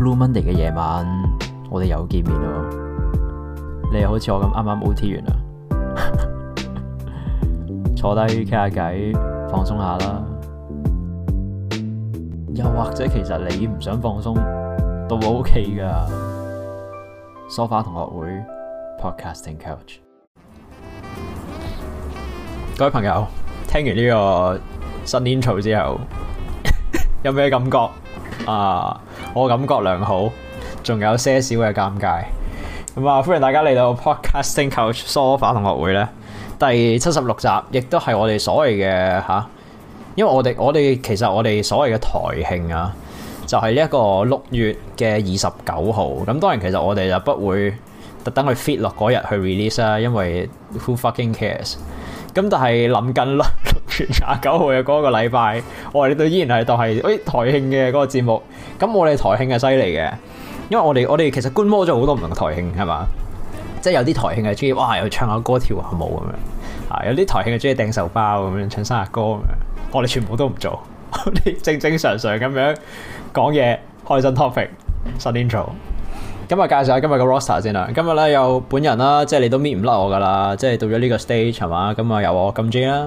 Blue Monday 嘅夜晚，我哋又見面咯。你又好似我咁啱啱 OT 完啦， 坐低傾下偈，放鬆一下啦。又或者，其實你唔想放鬆都 OK 㗎。梳化同學會 Podcasting Couch，各位朋友，聽完呢個新 intro 之後， 有咩感覺啊？Uh, 我感覺良好，仲有些少嘅尷尬。咁、嗯、啊，歡迎大家嚟到 Podcasting Coach Sofa 同學會咧，第七十六集，亦都係我哋所謂嘅吓，因為我哋我哋其實我哋所謂嘅台慶啊，就係呢一個六月嘅二十九號。咁當然，其實我哋、啊就是、就不會特登去 fit 落嗰日去 release 啦，啊，因為 Who fucking cares？咁但係諗緊啦。廿九號嘅嗰個禮拜，我哋都依然係當係誒、哎、台慶嘅嗰個節目。咁我哋台慶係犀利嘅，因為我哋我哋其實觀摩咗好多唔同嘅台慶係嘛，即係有啲台慶係中意哇又唱下歌跳下舞咁樣，啊有啲台慶係中意掟壽包咁樣唱生日歌咁樣，我哋全部都唔做，我 哋正正常常咁樣講嘢開新 topic，新，top ic, 新天朝。今日介紹下今日嘅 roster 先啦，今日咧有本人啦，即、就、係、是、你都搣唔甩我噶啦，即、就、係、是、到咗呢個 stage 係嘛，咁啊有我咁 J 啦。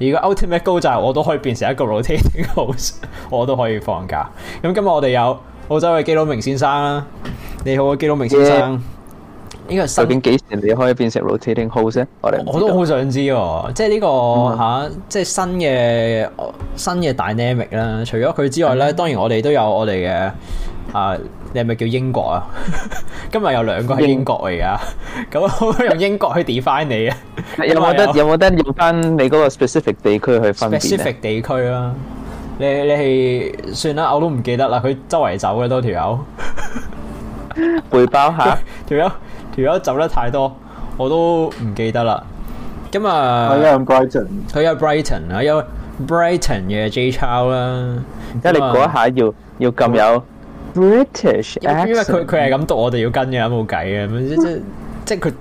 如果 ultimate goal 就係，我都可以變成一個 rotating house，我都可以放假。咁今日我哋有澳洲嘅基佬明先生啦，你好，基佬明先生，呢個究竟幾時你可以變成 rotating house 咧？我哋我都好想知道，即係呢、這個、嗯啊、即係新嘅新嘅 dynamic 啦。除咗佢之外咧，嗯、當然我哋都有我哋嘅。啊！Uh, 你係咪叫英國啊？ 今日有兩個喺英國嚟噶，咁 用英國去 define 你啊？有冇得 有冇得要分你嗰個 specific 地區去分辨？specific 地區啊，你你係算啦，我都唔記得啦。佢周圍走嘅多條友背包下條友條友走得太多，我都唔記得啦。咁 啊天，佢、oh, yeah, Bright 有 Brighton，佢有 Brighton 啊，有 Brighton 嘅 J 超啦，因為嗰一下要 要撳有。British a c 因為佢佢係咁讀，我哋要跟嘅有冇計嘅，即即即佢，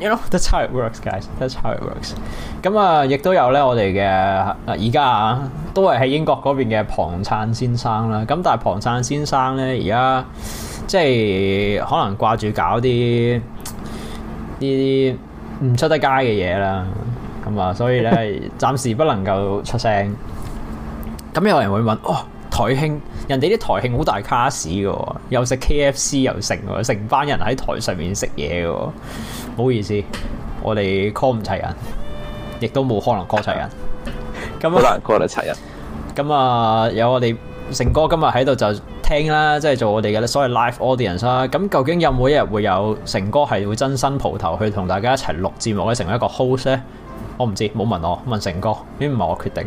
因為 t h a t how it works，guys，t h e t s how it works。咁啊，亦都有咧，我哋嘅而家啊，都係喺英國嗰邊嘅旁撐先生啦。咁但係旁撐先生咧，而家即係可能掛住搞啲呢啲唔出得街嘅嘢啦。咁啊，所以咧 暫時不能夠出聲。咁有人會問，哦。台慶，人哋啲台慶好大卡士噶，又食 K F C 又成，成班人喺台上面食嘢噶，唔好意思，我哋 call 唔齊人，亦都冇可能 call 齊人。咁好難 call 到齊人。咁啊，有我哋成哥今日喺度就聽啦，即係做我哋嘅所謂 live audience 啦。咁究竟有冇一日會有成哥係會真身蒲頭去同大家一齊錄節目咧，成為一個 host 咧？我唔知道，冇問我，問成哥，呢唔係我決定。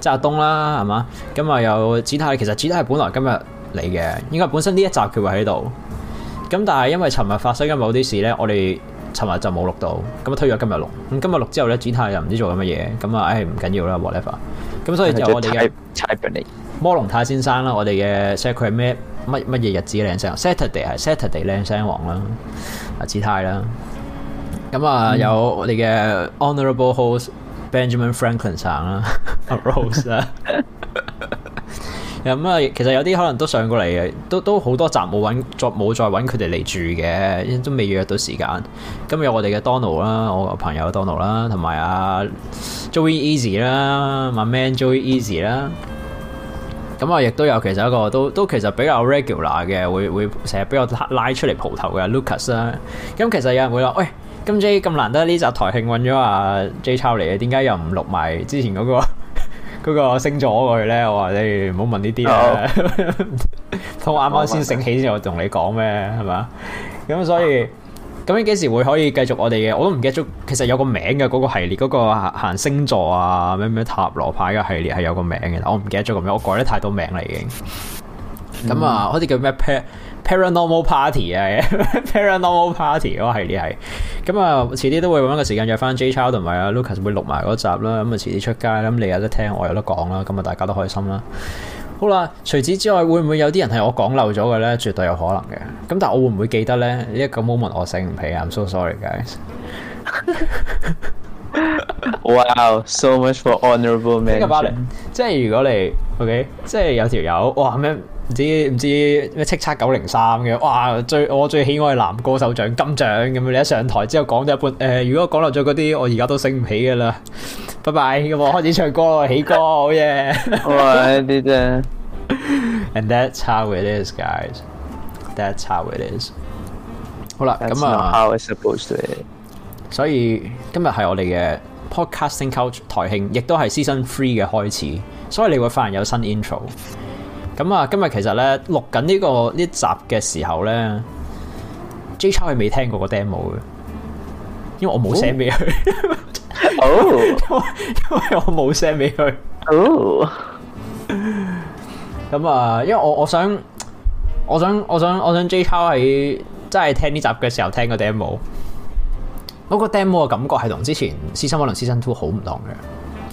即係阿東啦，係嘛？咁啊有子太，其實紫太係本來今日嚟嘅，應該本身呢一集佢會喺度。咁但係因為尋日發生嘅某啲事咧，我哋尋日就冇錄到，咁啊推咗今日錄。咁今日錄之後咧，子太又唔知做緊乜嘢，咁啊唉唔緊要啦，whatever。咁所以就我哋嘅 Chinese 魔龍太先生啦，我哋嘅 set 佢係咩乜乜嘢日子靚聲？Saturday 係 Saturday 靚聲王啦，阿紫太啦。咁啊、嗯、有我哋嘅 Honorable Host Benjamin Franklin 上啦 Rose 啦，咁啊，其實有啲可能都上過嚟嘅，都都好多集冇揾，作冇再揾佢哋嚟住嘅，都未約到時間。今日我哋嘅 Donald 啦，我個朋友 Donald 啦，同埋啊 Joey Easy 啦，My Man Joey Easy 啦，咁啊，亦都有其實一個都都其實比較 regular 嘅，會會成日俾我拉出嚟蒲頭嘅 Lucas 啦。咁其實有人會話，喂、哎。咁 J 咁難得呢集台慶運咗啊 J 抄嚟嘅，點解又唔錄埋之前嗰、那個、那個星座過去咧？我話你唔好問呢啲啦，Hello. 我啱啱先醒起先，我同你講咩係嘛？咁所以咁樣幾時會可以繼續我哋嘅？我都唔記得咗，其實有個名嘅嗰、那個系列，嗰、那個行星座啊，咩咩塔羅牌嘅系列係有個名嘅，我唔記得咗個名，我改得太多名啦已經。咁啊，好似、嗯、叫咩 pad？Paranormal party 啊 ，Paranormal party，我係啲係，咁啊遲啲都會揾個時間約翻 JChow 同埋啊 Lucas 會錄埋嗰集啦，咁啊遲啲出街，咁你有得聽，我有得講啦，咁啊大家都開心啦。好啦，除此之外，會唔會有啲人係我講漏咗嘅咧？絕對有可能嘅。咁但係我會唔會記得咧？呢、這、一個 moment 我醒唔起啊，I'm so sorry guys。 Wow，so much for honorable mention。即係如果你 OK，即係有條友哇咩？唔知唔知咩叱咤九零三嘅，哇！最我最喜愛男歌手獎金獎咁樣，你一上台之後講咗一半，誒、呃，如果講落咗嗰啲，我而家都醒唔起噶啦。拜拜咁，我開始唱歌， 起歌好嘢。哇 棒！呢啲啫。And that's how it is, guys. That's how it is. That's 好啦，咁啊。How it supposed to be? 所以今日係我哋嘅 Podcasting Coach 台慶，亦都係 Season Three 嘅開始，所以你會發現有新 Intro。咁啊，今日其實咧錄緊呢、呢個呢、呢個、集嘅時候咧，JChow 係未聽過個 demo 嘅，因為我冇 send 俾佢。哦，因為我冇 send 俾佢。哦。咁啊，因為我我想，我想，我想，我想，我想 JChow 喺真係聽呢集嘅時候聽過 demo, 個 demo。嗰個 demo 嘅感覺係同之前《Season 可能 Season two》好唔同嘅。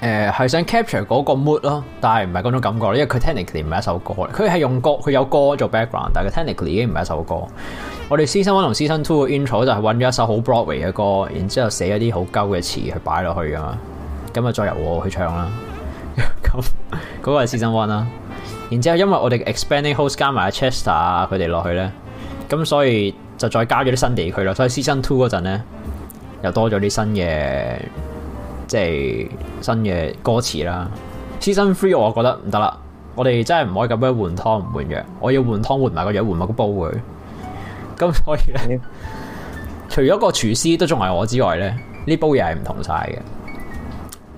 誒係、呃、想 capture 嗰個 mood 咯，但係唔係嗰種感覺，因為佢 technically 唔係一首歌，佢係用歌，佢有歌做 background，但係佢 technically 已經唔係一首歌。我哋 season one 同 season two 嘅 intro 就係揾咗一首好 Broadway 嘅歌，然之後寫一啲好鳩嘅詞去擺落去㗎嘛，咁啊再由我去唱啦。咁 嗰個係 season one 啦。然之後因為我哋 expanding host 加埋啊 Chester 佢哋落去咧，咁所以就再加咗啲新地區啦。所以 season two 嗰陣咧又多咗啲新嘅。即係新嘅歌詞啦。Season Three 我覺得唔得啦，我哋真係唔可以咁樣換湯唔換藥。我要換湯換埋個藥，換埋個煲佢。咁所以咧，除咗個廚師都仲係我之外咧，呢煲嘢係唔同晒嘅。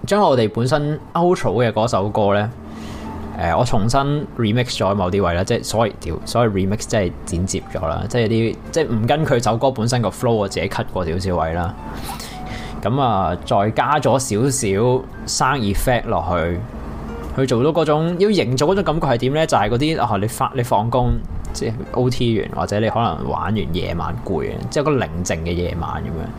將我哋本身 Outro 嘅嗰首歌咧，誒、呃，我重新 Remix 咗某啲位啦，即係所謂調，所謂 Remix 即係剪接咗啦，即係啲即係唔跟佢首歌本身個 flow，我自己 cut 過少少位啦。咁啊，再加咗少少生意 fact 落去，去做到嗰種要營造嗰種感覺係點咧？就係嗰啲啊，你翻你放工即係 O T 完，或者你可能玩完夜晚攰，即係個寧靜嘅夜晚咁樣，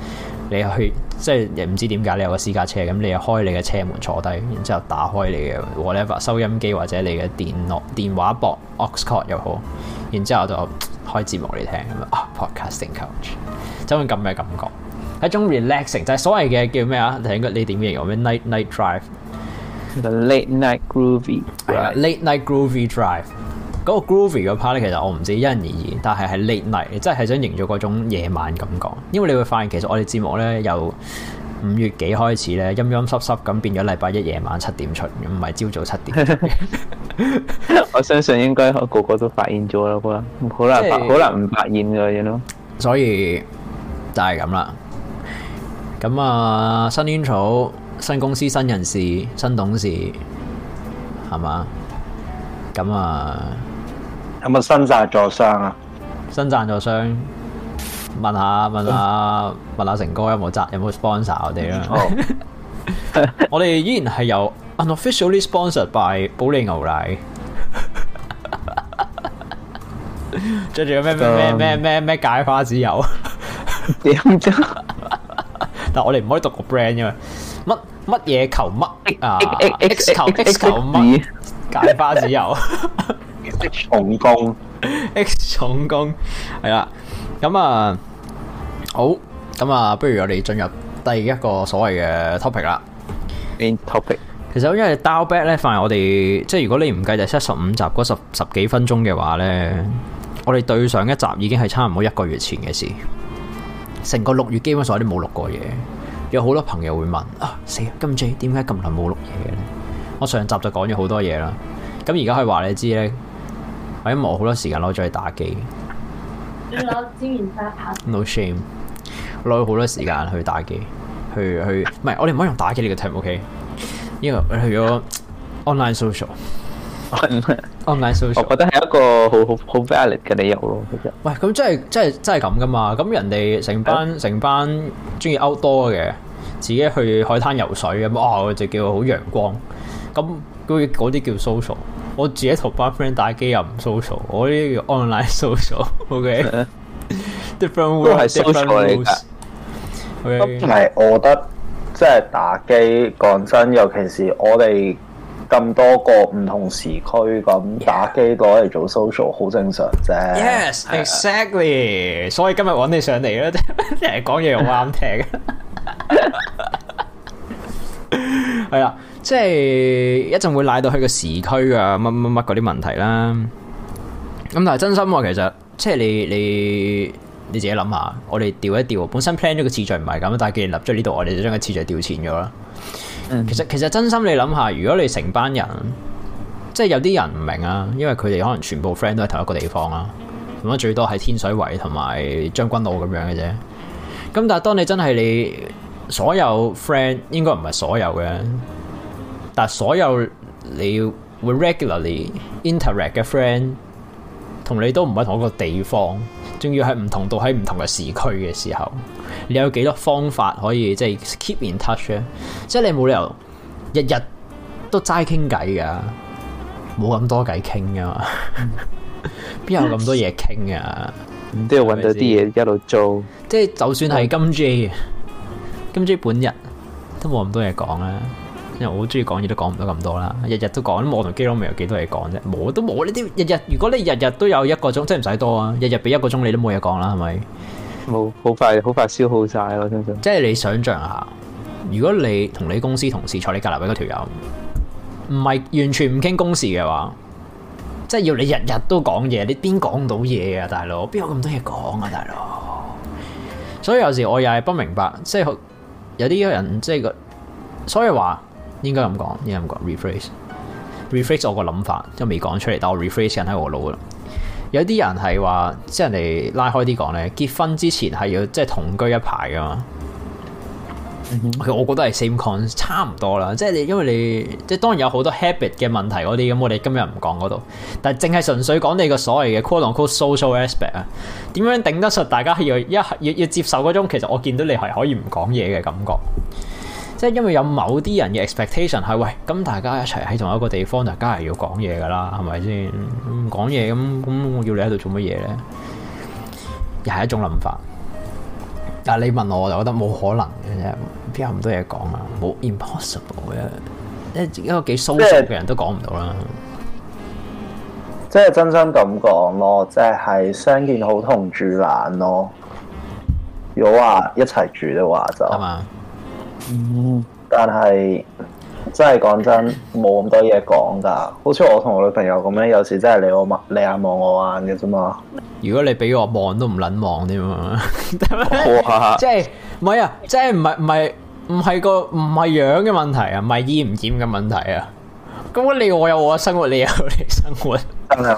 你去即係唔知點解你有個私家車，咁你又開你嘅車門坐低，然之後打開你嘅 whatever 收音機或者你嘅電腦電話薄 o x c o r d 又好，然之後就開節目嚟聽咁啊，podcasting coach，就咁咁嘅感覺。一種 relaxing 就係所謂嘅叫咩啊？係應該你點形容？咩 night night drive，定係 late night groovy？係啊，late night groovy drive。嗰個 groovy 嗰 part 咧，其實我唔知因人而異，但係係 late night，即係係想營造嗰種夜晚感覺。因為你會發現其實我哋節目咧由五月幾開始咧，陰陰濕濕咁變咗禮拜一夜晚七點出，唔係朝早七點。 我相信應該個個都發現咗啦啩，好難好難唔發現㗎咯。You know? 所以就係咁啦。咁啊，新煙草、新公司、新人士、新董事，係嘛？咁啊，有冇新贊助商啊？新贊助商，問一下問一下、嗯、問一下成哥有冇贊有冇 sponsor 我哋啦。我哋依然係由 unofficially sponsored by 保利牛奶，即係仲有咩咩咩咩咩咩芥花籽油？點啫？但我哋唔可以讀個 brand 啫嘛，乜乜嘢求乜啊？X 求 X 求乜？解巴子油重工，X 重工，係啦， 咁啊好，咁啊不如我哋進入第一個所謂嘅 topic 啦。In topic，其實因為 double back 咧，反而我哋即係如果你唔計就七十五集嗰十十幾分鐘嘅話咧，我哋對上一集已經係差唔多一個月前嘅事。成個六月基本上都冇錄過嘢，有好多朋友會問啊，死啊今次點解咁耐冇錄嘢咧？我上集就講咗好多嘢啦，咁而家可以話你知咧，我因為我好多時間攞咗去打機，你攞資源打牌？No shame，我攞好多時間去打機，去去唔係我哋唔可以用打機呢個 topic，因為去咗 online social。Okay? 這個 online social，我覺得係一個好好好 valid 嘅理由咯。喂，咁即係即係即係咁㗎嘛？咁人哋成班成班中意 outdoor 嘅，自己去海灘游水咁，哇！就叫好陽光。咁嗰嗰啲叫 social，我自己同班 friend 打機又唔 social，我呢啲叫 online social。OK，different world 係 social 嚟㗎。咁係，我覺得即係打機講真，尤其是我哋。咁多個唔同時區咁打機攞嚟做 social 好正常啫。Yes, exactly。所以今日揾你上嚟咧，成日講嘢又啱聽。係啊，即係一陣會賴到去個時區啊，乜乜乜嗰啲問題啦，啊。咁但係真心其實，即係你你你自己諗下，我哋調一調本身 plan 咗個次序唔係咁，但係既然立咗呢度，我哋就將個次序調前咗啦。其實其實真心你諗下，如果你成班人，即係有啲人唔明啊，因為佢哋可能全部 friend 都係同一個地方啊，咁啊最多喺天水圍同埋將軍澳咁樣嘅啫。咁但係當你真係你所有 friend，應該唔係所有嘅，但係所有你會 regularly interact 嘅 friend，同你都唔係同一個地方。仲要喺唔同度，喺唔同嘅時區嘅時候，你有幾多方法可以即係、就是、keep in touch 咧？即係你冇理由日日都齋傾偈噶，冇咁多偈傾噶嘛？邊 有咁多嘢傾啊？都要揾到啲嘢一路做，即係就算係金 J，金 J 本人都冇咁多嘢講啦。因為我好中意講嘢，都講唔到咁多啦。日日都講，我同基隆未有幾多嘢講啫，冇都冇你啲。日日如果你日日都有一個鐘，即係唔使多啊，日日俾一個鐘你都冇嘢講啦，係咪？冇好快，好快消耗晒我相信。即係你想象下，如果你同你公司同事坐你隔籬嗰條友，唔係完全唔傾公事嘅話，即係要你日日都講嘢，你邊講到嘢啊，大佬？邊有咁多嘢講啊，大佬？所以有時我又係不明白，即係有啲人即係個，所以話。應該咁講，應該咁講。rephrase, rephrase 我個諗法，即係未講出嚟，但我 rephrase 人喺我腦度。有啲人係話，即係人哋拉開啲講咧，結婚之前係要即係同居一排㗎嘛。 我覺得係 same cons，差唔多啦。即係你，因為你即係當然有好多 habit 嘅問題嗰啲，咁我哋今日唔講嗰度。但係淨係純粹講你個所謂嘅 quote unquote social aspect 啊，點樣頂得順？大家係要一要要接受嗰種，其實我見到你係可以唔講嘢嘅感覺。即係因為有某啲人嘅 expectation，係喂咁大家一齊喺同一個地方，大家係要講嘢噶啦，係咪先？唔講嘢咁咁，我要你喺度做乜嘢咧？又係一種諗法。但係你問我，我就覺得冇可能嘅啫。邊有咁多嘢講啊？冇 impossible 嘅，即係一個幾 social 嘅人都講唔到啦。即係真心咁講咯，即係係相見好同住難咯。如果話一齊住嘅話就。嗯，但係真係講真，冇咁多嘢講噶。好似我同我女朋友咁樣，有時真係你我望，你眼望我眼嘅啫嘛。如果你俾我望都唔捻望添啊，即係唔係啊？即係唔係唔係唔係個唔係樣嘅問題啊？唔係厭唔厭嘅問題啊？咁你我有我嘅生活，你有你生活。嗯嗯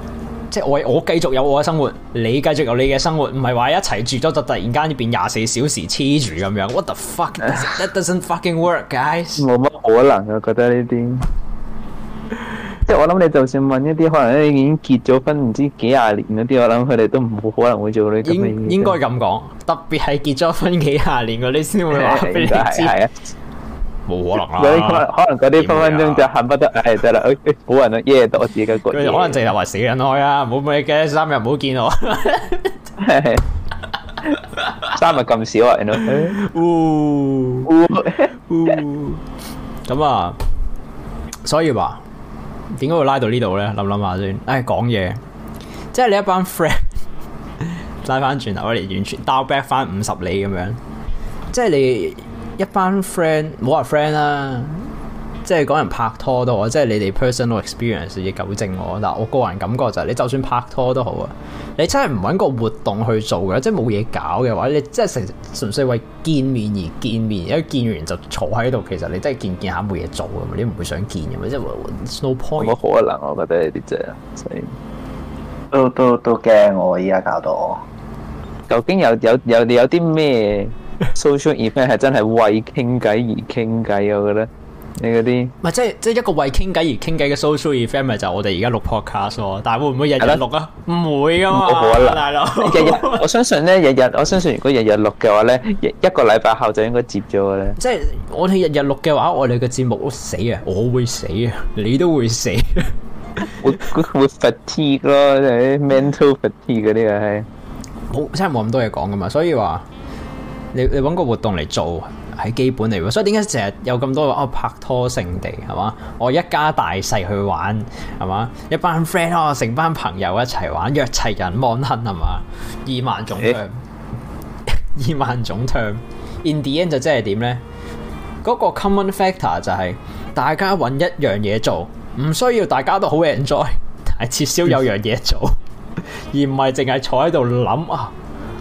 即係我我繼續有我嘅生活，你繼續有你嘅生活，唔係話一齊住咗就突然間變廿四小時黐住咁樣。What the fuck？That doesn't fucking work, guys。冇乜可能， 我覺得呢啲。即係我諗你，就算問一啲可能咧已經結咗婚，唔知幾廿年嗰啲，我諗佢哋都冇可能會做呢啲。應應該咁講，特別係結咗婚幾廿年嗰啲先會話俾你知 係啊。 冇可能啦、啊，可能嗰啲分分鐘就恨不得係得啦，好人耶多字嘅句，yeah, 可能淨係話死人開啊，唔好唔好，你三日唔好見我， 三日咁少啊，你 you 都 know?、哦，嗚嗚嗚，咁 啊，所以話點解會拉到呢度咧？諗諗下先，唉講嘢，即係你一班 friend 拉翻轉頭嚟，完全倒 back 翻五十里咁樣，即係你。一班 friend，唔好話 friend 啦、啊，即係講人拍拖都好，即係你哋 personal experience 亦糾正我。嗱，我個人感覺就係、是、你就算拍拖都好啊，你真係唔揾個活動去做嘅，即係冇嘢搞嘅話，你真係純純粹為見面而見面，一見完就坐喺度，其實你真係見見下冇嘢做㗎嘛，你唔會想見嘅嘛，即係 no point。冇可能，我覺得呢啲啫，所以都都都驚我依家搞到我，我究竟有有有有啲咩？social event 係真係為傾偈而傾偈，我覺得你嗰啲唔係即係即係一個為傾偈而傾偈嘅 social event 咪就我哋而家錄 podcast 但係會唔會大哥 日日錄啊？唔會啊！日日我相信咧，日日我相信如果日日錄嘅話咧，一一個禮拜後就應該接咗啦。即係我哋日日錄嘅話，我哋嘅節目死啊，我會死啊，你都會死會，會會 fatigue 咯，啲 mental fatigue 啲啊，係，好，真係冇咁多嘢講噶嘛，所以話。你你揾個活動嚟做喺基本嚟喎，所以點解成日有咁多啊、哦、拍拖勝地係嘛？我一家大細去玩係嘛？一班 friend 啊，成班朋友一齊玩，約齊人 Monhun 係嘛？二萬種唱、欸，二萬種唱。In the end 就即係點呢？嗰、那個 common factor 就係、是、大家揾一樣嘢做，唔需要大家都好 enjoy，但係至少有樣嘢做， 而唔係淨係坐喺度諗啊。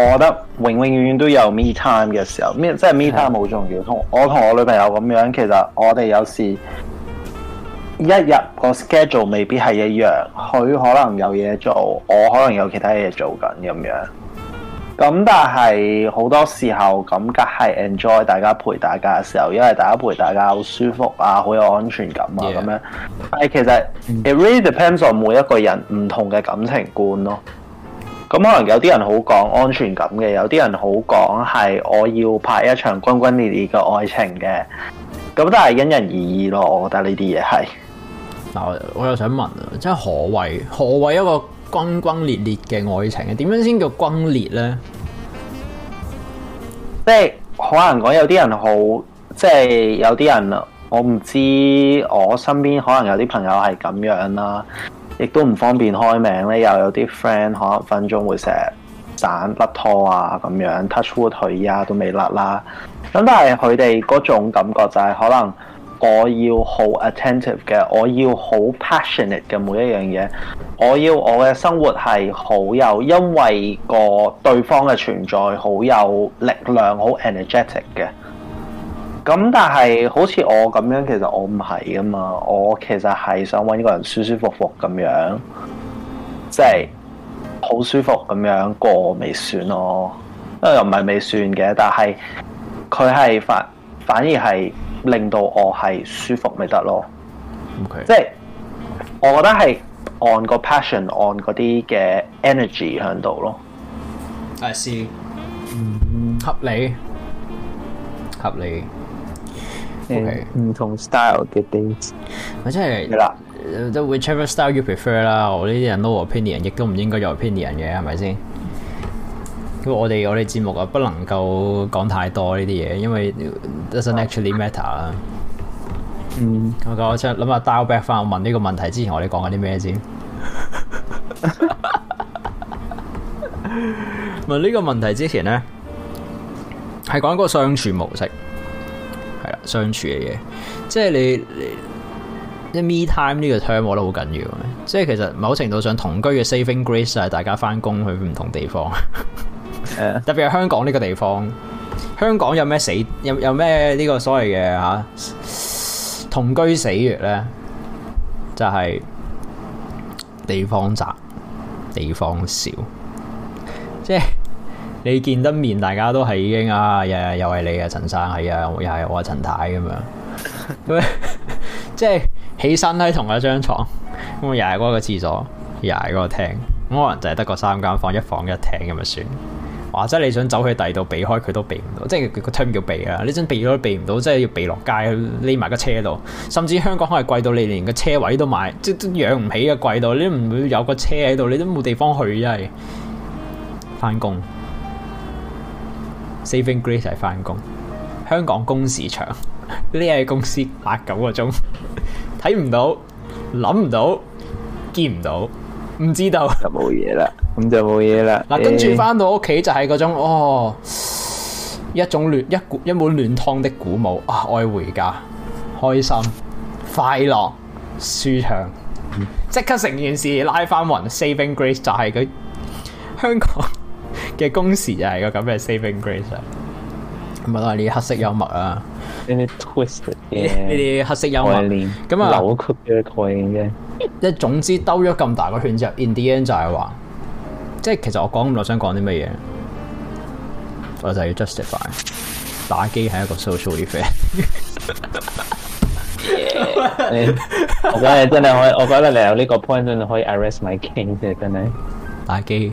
我覺得永永遠遠都有 me time 嘅時候，me 即係 me time 好重要。同我同我女朋友咁樣，其實我哋有時一日個 schedule 未必係一樣，佢可能有嘢做，我可能有其他嘢做緊咁樣。咁但係好多時候，感覺係 enjoy 大家陪大家嘅時候，因為大家陪大家好舒服啊，好有安全感啊咁樣。Yeah. 但係其實，it really depends on 每一個人唔同嘅感情觀咯。咁可能有啲人好講安全感嘅，有啲人好講係我要拍一場轟轟烈烈嘅愛情嘅。咁都係因人而異咯，我覺得呢啲嘢係。嗱，我又想問啊，即係何為何為一個轟轟烈烈嘅愛情？點樣先叫轟烈呢？即係可能講有啲人好，即係有啲人，我唔知我身邊可能有啲朋友係咁樣啦。亦都唔方便開名咧，又有啲 friend 可能一分鐘會成日盞甩拖啊咁樣 touch wood、啊、退呀都未甩啦。咁但係佢哋嗰種感覺就係、是、可能我，我要好 attentive 嘅，我要好 passionate 嘅每一樣嘢，我要我嘅生活係好有因為個對方嘅存在好有力量，好 energetic 嘅。咁但係好似我咁樣，其實我唔係噶嘛，我其實係想搵一個人舒舒服服咁樣，即係好舒服咁樣過未算咯，因為又唔係未算嘅，但係佢係反反而係令到我係舒服咪得咯。OK，即係我覺得係按個 passion，按嗰啲嘅 energy 響度咯，係是，嗯，合理，合理。唔同 style 嘅啲，我真係係啦，都 whichever style you prefer 啦。我呢啲人 no opinion，亦都唔應該有 opinion 嘅，係咪先？咁我哋我哋節目啊，不能夠講太多呢啲嘢，因為 doesn't actually matter 啊。嗯，我我真係諗下 dial back 翻，我問呢個問題之前我哋講緊啲咩先？問呢個問題之前咧，係講一個相處模式。相處嘅嘢，即係你你，啲 me time 呢個 term 我覺得好緊要，即係其實某程度上同居嘅 saving grace 就係大家翻工去唔同地方，uh. 特別係香港呢個地方，香港有咩死有有咩呢、這個所謂嘅吓同居死穴呢，就係、是、地方窄，地方少，即係。你見得面，大家都係已經啊！又又係你啊，陳生係啊，又係我啊，陳太咁樣，咁即係起身喺同一張床，咁又係嗰個廁所，又係嗰個廳，咁可能就係得個三間房，一房一廳咁就算。或者你想走去第二度避開佢都避唔到，即係個廳要避啊！你真避都避唔到，即係要避落街匿埋個車度，甚至香港可能貴到你連個車位都買，即係養唔起嘅、啊、貴到你都唔會有個車喺度，你都冇地方去真係翻工。Saving Grace 係翻工，香港工時長，呢啲公司八九個鐘，睇唔到，諗唔到，見唔到，唔知道沒事了就冇嘢啦，咁、啊、就冇嘢啦。嗱，跟住翻到屋企就係嗰種哦，一種暖一股一碗暖湯的鼓舞啊，愛回家，開心、快樂、舒暢，即、嗯、刻成件事拉翻雲。Saving Grace 就係佢香港嘅工時就係個咁嘅 saving grace 啊！唔好話啲黑色幽默啊，呢啲 twisted 嘢，呢啲黑色幽默咁啊扭曲嘅概念。即 總之兜咗咁大個圈之後，in the end 就係話，即係其實我講咁耐想講啲乜嘢？我就要 justify 打機係一個 social event。我覺得你真係可以，我覺得你有呢個 point，真係可以 arrest my king, right? 嘅，真係打機。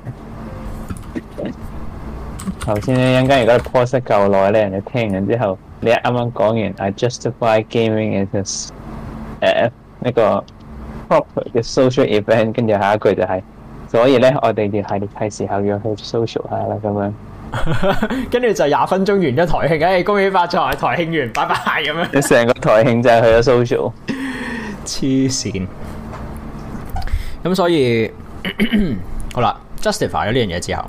頭先咧，陣間如果 pause 咗夠耐咧，人哋聽完之後，你啱啱講完，I justify gaming as 誒誒，呢個 proper 嘅 social event，跟住下一句就係、是，所以咧，我哋就係係時候要去 social 一下啦，咁樣。跟住 就廿分鐘完咗台慶、哎，恭喜發財！台慶完，拜拜咁樣。你成個台慶就係去咗 social。黐線。咁所以， 好啦，justify 咗呢樣嘢之後。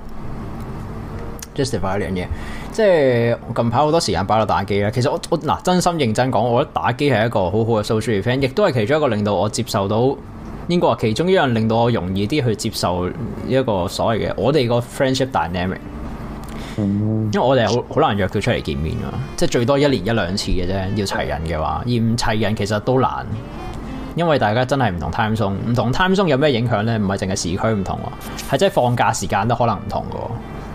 Justify 一樣嘢，thing, 即係近排好多時間擺落打機啦。其實我我嗱，真心認真講，我覺得打機係一個很好好嘅 social event，亦都係其中一個令到我接受到，應該話其中一樣令到我容易啲去接受一個所謂嘅我哋個 friendship dynamic。因為我哋好好難約佢出嚟見面啊，即係最多一年一兩次嘅啫。要齊人嘅話，而唔齊人其實都難，因為大家真係唔同 time zone 唔同 time zone 有咩影響呢？唔係淨係時區唔同，啊，係真係放假時間都可能唔同嘅。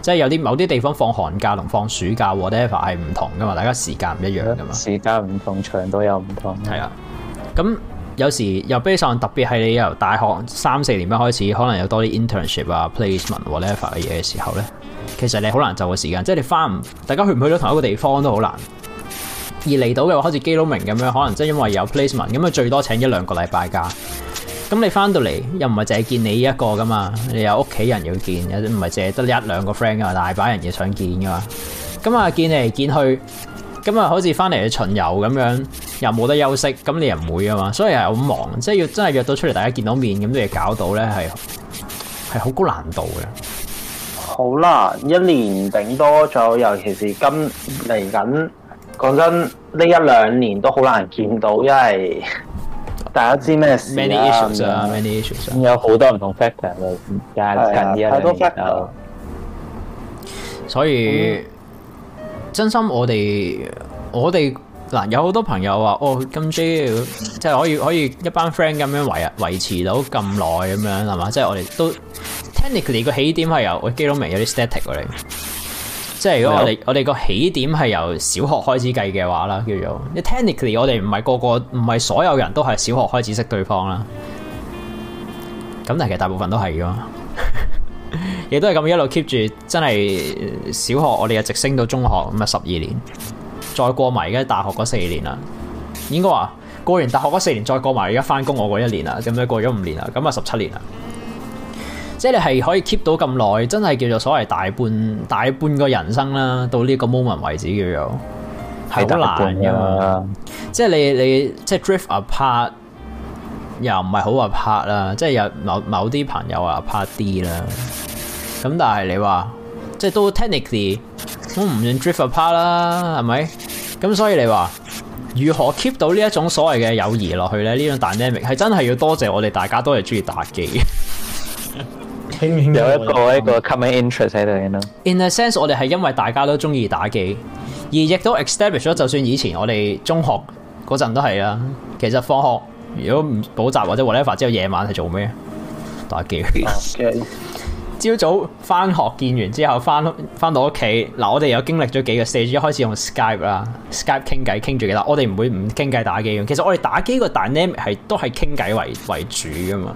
即係有啲某啲地方放寒假同放暑假 whichever 係唔同噶嘛，大家時間唔一樣噶嘛，時間唔同長度又唔同。係啊，咁有時由上特別係你由大學三四年班開始，可能有多啲 internship 啊 placement 和 whichever 嘅嘢嘅時候咧，其實你好難就個時間，即係你翻唔大家去唔去到同一個地方都好難。而嚟到嘅話，好似基佬明咁樣，可能即係因為有 placement，咁啊最多請一兩個禮拜假。咁你翻到嚟又唔係淨係見你一個噶嘛？你有屋企人要見，又唔係淨係得一兩個 friend 噶嘛？大把人要想見噶嘛？咁啊見嚟見去，咁啊好似翻嚟去巡遊咁樣，又冇得休息，咁你又唔會噶嘛？所以係好忙，即係要真係約到出嚟大家見到面，咁你搞到咧，係係好高難度嘅。好啦，一年頂多咗，尤其是今嚟緊，講真呢一兩年都好難見到，因為。大家知咩 many issues 啊？many issues 有好多唔同 factor 嚟加近呢一類，所以、嗯、真心我哋我哋嗱有好多朋友話：哦，跟 J 即係可以可以一班 friend 咁樣維維持到咁耐咁樣係嘛？即係我哋都 technically 個起點係由我基佬明有啲 static 嚟。即係如果我哋我哋個起點係由小學開始計嘅話啦，叫做，Technically 我哋唔係個個唔係所有人都係小學開始識對方啦，咁但係其實大部分都係噶，亦都係咁一路 keep 住，真係小學我哋一直升到中學，咁啊十二年，再過埋而家大學嗰四年啦，應該話過完大學嗰四年，再過埋而家翻工我嗰一年啦，咁樣過咗五年啦，咁啊十七年啦。即係你係可以 keep 到咁耐，真係叫做所謂大半大半個人生啦，到呢個 moment 為止叫做係好難噶嘛。啊、即係你你即係、就是、drift apart，又唔係好 apart 啦，即係有某某啲朋友 apart 啲啦。咁但係你話，即係都 technically，都唔願 drift apart 啦，係咪？咁所以你話，如何 keep 到呢一種所謂嘅友誼落去咧？呢種 dynamic 係真係要多謝我哋大家都係中意打機。有一個一個 common interest 喺度咯。You know? In a sense，我哋係因為大家都中意打機，而亦都 establish 咗。就算以前我哋中學嗰陣都係啦。其實放學如果唔補習或者 whatever 之後，夜晚係做咩？打機。朝 Okay. 早翻學見完之後，翻翻到屋企嗱，我哋有經歷咗幾個 stage，一開始用 Skype 啦，Skype 傾偈傾住嘅啦。我哋唔會唔傾偈打機。其實我哋打機個 dynamic 係都係傾偈為為主噶嘛。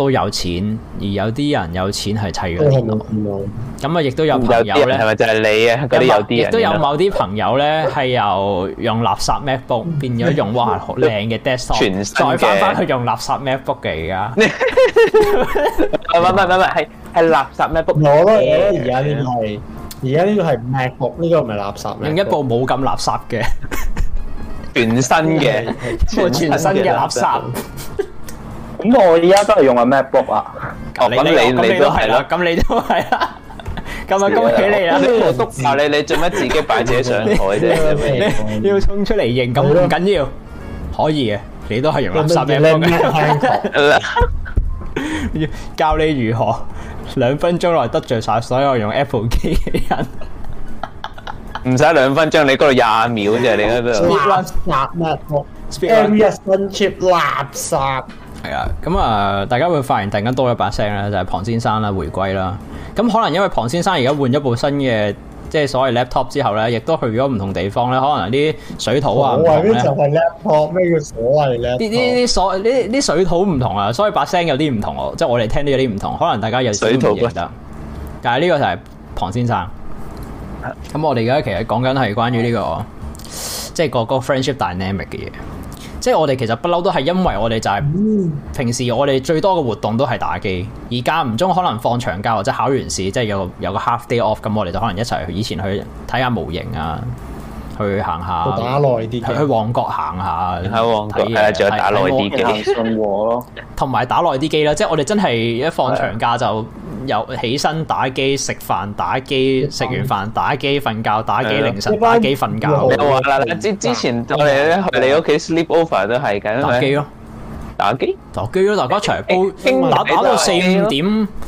都有錢，而有啲人有錢係砌樣碌，咁啊，亦都有朋友咧，係咪就係你啊？嗰啲有啲人，亦都有某啲朋友咧，係由用垃圾 MacBook 變咗用，哇，好靚嘅 desktop，再翻翻去用垃圾 MacBook 嘅而家，唔係唔係唔係，係係垃圾 MacBook 攞囉，而家呢個係而家呢個係 MacBook，呢個唔係垃圾，另一部冇咁垃圾嘅全新嘅全新嘅垃圾。咁我依家都係用緊 MacBook 啊，哦，咁你你都係啦，咁你都係啦，咁咪恭喜你啊！你我督，嗱你你做乜自己擺自己上台啫？要衝出嚟認，咁唔緊要，可以嘅，你都係用垃圾 MacBook，教你如何兩分鐘內得罪晒所有用 Apple 機嘅人，唔使兩分鐘，你嗰度廿秒啫，你嗰度垃圾 MacBook，Apple 芯片垃圾。係啊，咁啊、嗯，大家會發現突然間多咗把聲呢就係、是、龐先生啦，回歸啦。咁可能因為龐先生而家換咗部新嘅，即係所謂 laptop 之後咧，亦都去咗唔同地方咧，可能啲水土啊唔同，哦、就係 laptop，咩叫所謂咧？呢啲啲所，啲啲水土唔同啊，所以把聲有啲唔同，即係我哋聽啲有啲唔同，可能大家有少少唔同。土但係呢個就係龐先生。咁我哋而家其實講緊係關於呢、這個，好即係個個 friendship dynamic 嘅嘢。即係我哋其實不嬲都係，因為我哋就係平時我哋最多嘅活動都係打機，而間唔中可能放長假或者考完試，即係有有個 half day off 咁，我哋就可能一齊去以前去睇下模型啊，去行下打耐啲機，去旺角行下睇旺角，仲有打耐啲機，同埋看打耐啲機啦，即係我哋真係一放長假就。又起身打機，食飯打機，食完飯打機，瞓覺打機，凌晨打機瞓覺。你話啦，之之前我哋咧去你屋企 sleep over 都係咁。打機咯，打機，打機咯，大家長煲傾打打到四五點。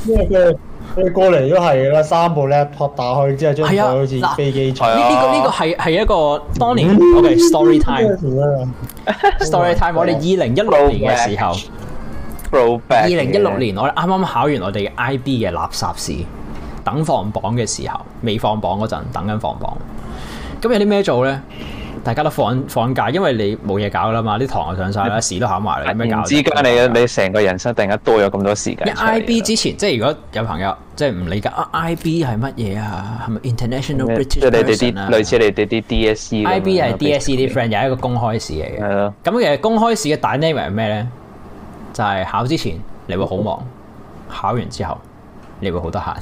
我哋我哋過嚟都係啦，三部 laptop 打開之後，將好似飛機坐。呢個呢個係係一個當年 okay，story time 啊！story time 我哋二零一六年嘅時候。二零一六年，我啱啱考完我哋 IB 嘅垃圾試，等放榜嘅時候，未放榜嗰陣，等緊放榜。咁有啲咩做咧？大家都放放假，因為你冇嘢搞啦嘛，啲堂又上晒啦，試你都考埋啦，有咩搞？之間你你成個人生突然間多咗咁多時間。I B 之前，即係如果有朋友即係唔理解啊，I B 係乜嘢啊？係咪、啊、International British？即係你哋啲類似你哋啲 D S E。I B 係 D、SE、S E 啲 friend，又係一個公開試嚟嘅。係咯了。咁其實公開試嘅大 name 係咩咧？就係考之前你會好忙，考完之後你會好得閒。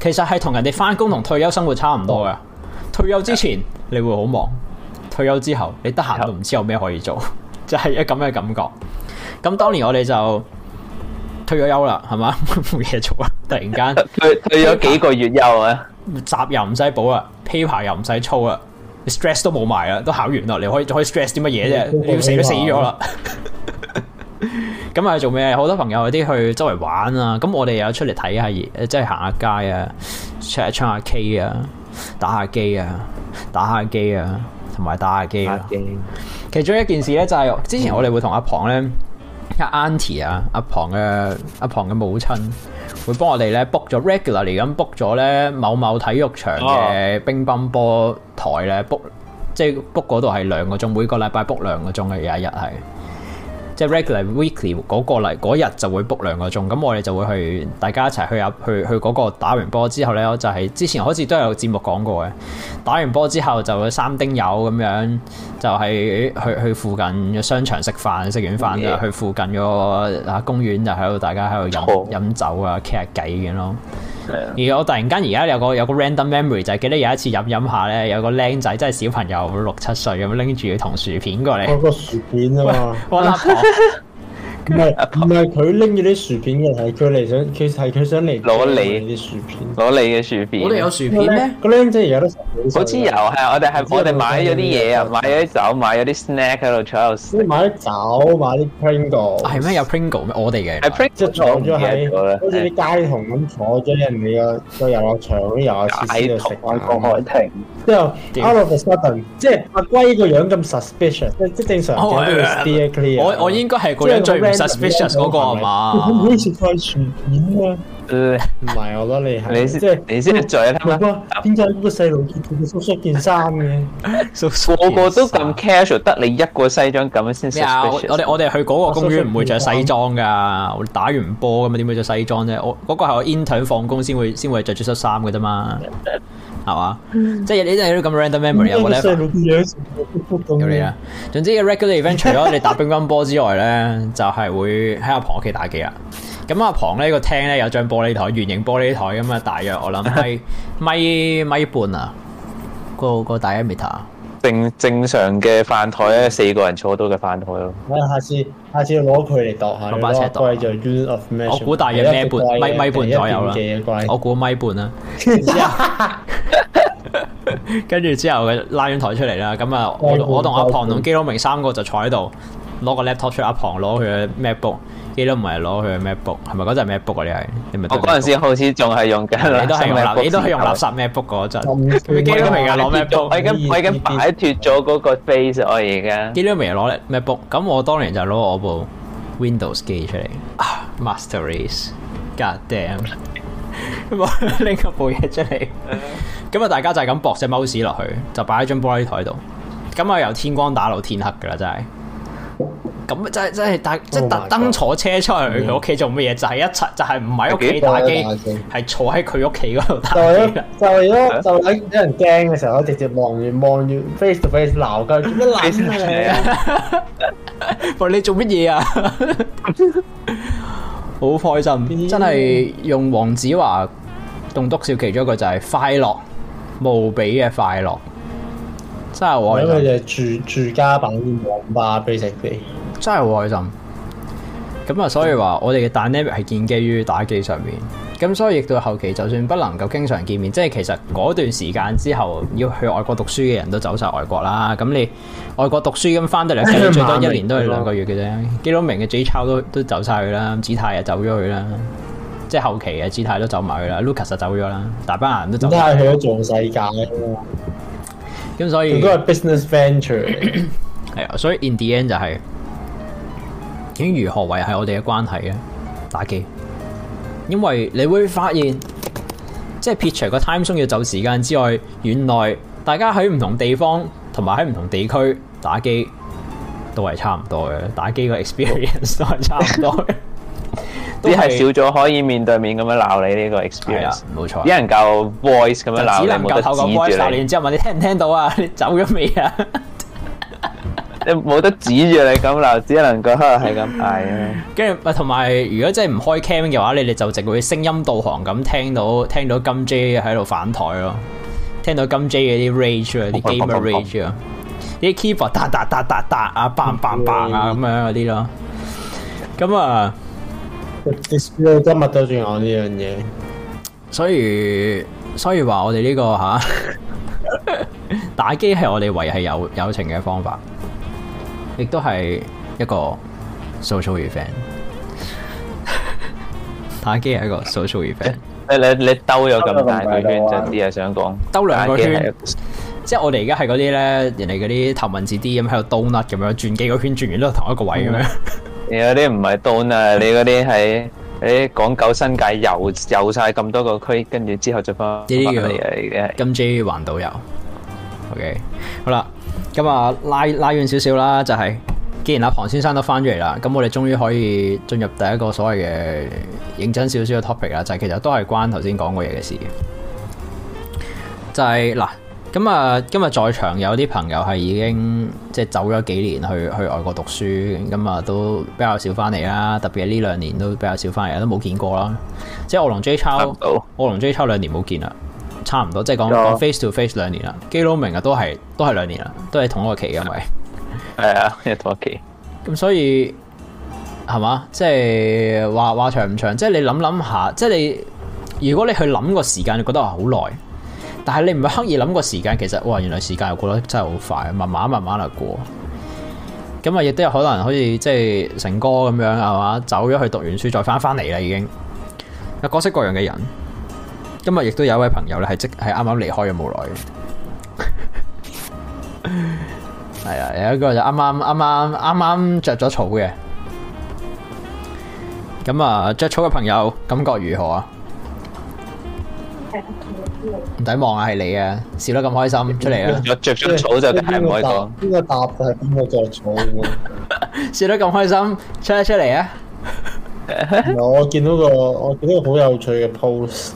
其實係同人哋翻工、同退休生活差唔多嘅。嗯、退休之前你會好忙，退休之後你得閒都唔知有咩可以做，就係一咁嘅感覺。咁當年我哋就退咗休啦，係嘛，冇嘢做啊！突然間退咗幾個月休啊，習又唔使補啦，paper 又唔使操啦，stress 都冇埋啦，都考完啦，你可以可以 stress 啲乜嘢啫？你要死都死咗啦。咁啊做咩？好多朋友有啲去周圍玩啊！咁我哋有出嚟睇下嘢，即係行下街啊，唱下 K 啊，打下機啊，打下機啊，同埋打下機、啊啊、其中一件事咧，就係、是、之前我哋會同阿龐咧、嗯、阿 Aunty 啊，阿龐嘅阿龐嘅母親會幫我哋咧 book 咗 regular 嚟咁 book 咗咧某某體育場嘅乒乓波台咧 book，即係 book 嗰度係兩個鐘，每個禮拜 book 兩個鐘嘅有一日係。即係 regular weekly 嗰個嚟嗰日就會 book 兩個鐘，咁我哋就會去大家一齊去入去去嗰個打完波之後咧，就係、是、之前好似都有個節目講過嘅，打完波之後就會三丁友咁樣，就係、是、去去附近嘅商場食飯，食完飯 Okay. 就去附近個啊公園就喺度大家喺度飲，錯飲酒啊傾下偈咁咯。 而我突然間而家有個有個 random memory 就係記得有一次飲飲下咧，有個靚仔即係小朋友六七歲咁拎住個糖薯片過嚟，個薯片啊嘛！唔係，唔係佢拎咗啲薯片嘅，係佢嚟想，佢係佢想嚟攞你啲薯片，攞你嘅薯片。我哋有薯片咩？個僆仔而家都好之油係，我哋係我哋買咗啲嘢啊，買咗啲酒，買咗啲 snack 喺度，坐喺度。你買咗酒，買啲 Pringle。係咩？有 Pringle 咩？我哋嘅。係 Pringle。即係坐咗喺，好似啲街童咁坐咗喺你個個遊樂場嗰啲遊樂設施度食翻江海婷。之後，Out of the sudden，即係阿龜個樣咁 suspicious，即即正常嘅都要 stay clear。我我應該係個樣最。suspicious 嗰個係嘛？唔可以食太全面啊！唔係，我覺得你係即係你先係最啊！聽啦，邊個個細路著件叔叔件衫嘅？個個都咁 casual，得你一個西裝咁樣先 suspicious。我哋我哋去嗰個公園唔會著西裝噶，我打完波咁啊，點會著西裝啫？那個、我嗰個係我 intern 放工先會先會著著恤衫嘅啫嘛。嗯係嘛？是 mm hmm. 即係你真係都咁 random memory 有冇咧有你啦。 總之 regular event 除咗你打乒乓波之外咧，就係、是、會喺阿龐屋企打機啦。咁阿龐咧個廳咧有張玻璃台，圓形玻璃台咁啊，大約我諗米米米半啊，那個個 diameter？正正常嘅飯台咧，四個人坐到嘅飯台咯。我下次下次要攞佢嚟度下，我估大約咩半米米半左右啦。我估米半啦。跟住之後佢拉完台出嚟啦，咁啊，粉我我同阿龐同基隆明三個就坐喺度，攞個 laptop 出，阿龐攞佢嘅 macbook。拿他的 Mac Book, 基都唔係攞佢嘅 macbook，係咪嗰陣 macbook 啊？你係，我嗰陣時好似仲係用緊，你都係用垃，你都係用垃圾 macbook 嗰陣。基都明啊，攞 macbook，我而家我而家擺脫咗嗰個 base 我而家。基都明係攞 macbook，咁我當年就攞我部 windows 機出嚟。啊、Master Race，God damn，我拎 一部嘢出嚟。咁啊，大家就係咁駁隻 mouse 落去，就擺喺張玻璃台度。咁啊，由天光打到天黑噶啦，真係。咁真真係即係特登坐車出去佢屋企做乜嘢？就係、是、一齊，就係唔喺屋企打機，係坐喺佢屋企嗰度打機、就是。就係、是、咯，就等啲人驚嘅時候，我直接望住望住 face to face 鬧噶，做咩鬧你做乜嘢啊？ 好開心，真係用黃子華棟篤笑其中一個就係快樂，無比嘅快樂。真係我因為就住住家版啲網吧，face to face 真係好開心，咁啊，所以話我哋嘅但呢係建基於打機上面。咁所以亦到後期就算不能夠經常見面，即係其實嗰段時間之後要去外國讀書嘅人都走晒外國啦。咁你外國讀書咁翻得嚟最多一年都係兩個月嘅啫。幾多名嘅 J 超都都走晒去啦，紫泰啊走咗去啦，即係後期啊紫泰都走埋去啦，Lucas 走咗啦，大班人都走咗去咗做世界咯。咁所以，佢嗰個 business venture 係啊， 所以 in the end 就係、是。點如何維繫我哋嘅關係？打機，因為你會發現，即係撇除個 time zone 要走時間之外，原來大家喺唔同地方同埋喺唔同地區打機都係差唔多嘅，打機個 experience 都係差唔多。只係少咗可以面對面咁樣鬧你呢個 experience。冇錯，一、啊、人夠 voice 咁樣鬧，冇得指住你，然之後問你聽唔聽到啊？你走咗未啊？ 你冇得指住你咁，只能講係咁。係啊，跟住唔同埋，如果真係唔開 cam 嘅話，你哋就淨會聲音導航咁聽到聽到金 J 喺度反台咯，聽到金 J 嗰啲 rage 啊，啲 game rage 啊，啲 keyboard 噠噠噠噠噠啊，bang bang bang 啊咁樣嗰啲咯。咁啊，今日都算我呢樣嘢，所以所以話我哋呢個吓打機係我哋維繫友友情嘅方法。亦都係一個 social event，打機係一個 social event。你你你兜咗咁大個圈，真啲啊！想講兜兩個圈,個即係我哋而家係嗰啲咧，人哋嗰啲頭文字 D 咁喺度 donut 咁樣，轉幾個圈，轉完都係同一個位咁樣、嗯。你嗰啲唔係 donut，你嗰啲係你講港九新界遊遊晒咁多個區，跟住之後就翻。呢個嚟嘅，金 J 環島遊。OK，好啦。咁啊，拉拉遠少少啦，就係、是，既然阿龐先生都翻咗嚟啦，咁我哋終於可以進入第一個所謂嘅認真少少嘅 topic 啦，就係、是、其實都係關頭先講過嘢嘅事、就是，就係嗱，咁啊，今日在場有啲朋友係已經即係、就是、走咗幾年去去外國讀書，咁啊都比較少翻嚟啦，特別係呢兩年都比較少翻嚟，都冇見過啦，即係我同 JChow、嗯，我同 JChow 兩年冇見啦。差唔多，即係講講 face to face 兩年啦，基佬明啊都係都係兩年啦，都係同一個期嘅。咪？係啊，同一個期。咁所以係嘛？即係話話長唔長？即係你諗諗下，即係你如果你去諗個時間，你覺得啊好耐。但係你唔係刻意諗個時間，其實哇，原來時間又過得真係好快，慢慢慢慢就過。咁啊，亦都有可能好似即係成哥咁樣係嘛，走咗去讀完書再翻翻嚟啦，已經。有各式各樣嘅人。今日亦都有一位朋友咧，係即係啱啱離開咗冇耐嘅，係啊，有一個就啱啱啱啱啱啱着咗草嘅，咁啊，着草嘅朋友感覺如何啊？唔使望啊，係你啊，笑得咁開， 開心，出嚟啊！我着咗草就太唔開心。呢個答係邊個着草嘅？笑得咁開心，出一出嚟啊！我見到個，我見到個好有趣嘅 post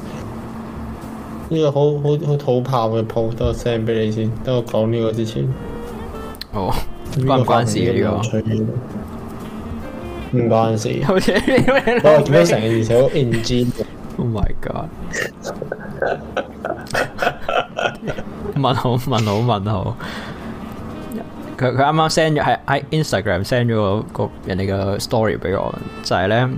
呢個好好好土炮嘅鋪，等我 send 俾你先，等我講呢個之前。哦，關唔關事呢？啊、嘅，唔、這個、關事。我我成件事好 enjoy。 Oh my god！ 問好，問好，問好。佢佢啱 啱 send 咗係喺 Instagram send 咗個人哋個 story 俾我，就係、是、咧。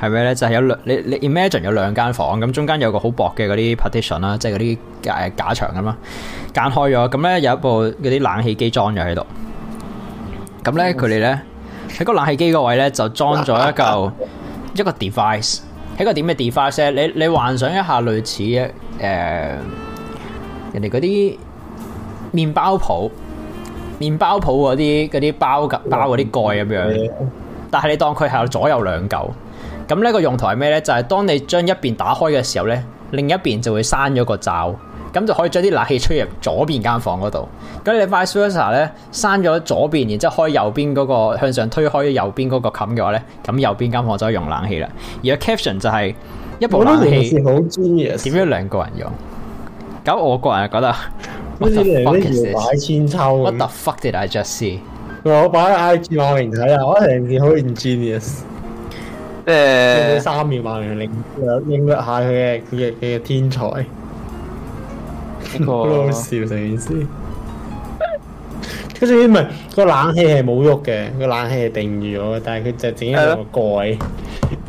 係咩咧？就係、是、有兩，你你 Imagine 有兩間房間，咁中間有個好薄嘅嗰啲 partition 啦，即係嗰啲誒假牆咁咯，間開咗，咁咧有一部嗰啲冷氣機裝咗喺度，咁咧佢哋咧喺個冷氣機個位咧就裝咗一嚿一個 device，喺個點嘅 device？呢你你幻想一下類似誒，呃、人哋嗰啲麵包鋪，麵包鋪嗰啲啲包包嗰啲蓋咁樣，但係你當佢係左右兩嚿。咁呢個用途係咩咧？就係、是、當你將一邊打開嘅時候咧，另一邊就會閂咗個罩，咁就可以將啲冷氣吹入左邊間房嗰度。咁你 vice versa 咧，閂咗左邊，然之後開右邊嗰、那個向上推開右邊嗰個冚嘅話咧，咁右邊間房間就可以用冷氣啦。而個 caption 就係、是、一部冷氣點樣兩個人用？咁我個人覺得千秋我喺 IG 我睇我成件好 ingenious。誒，欸、三秒萬年零，又應約下佢嘅佢嘅佢嘅天才，好、那個、 好笑成件事。佢陣時唔係個冷氣係冇喐嘅，個冷氣係定住咗，但係佢就整一個蓋。欸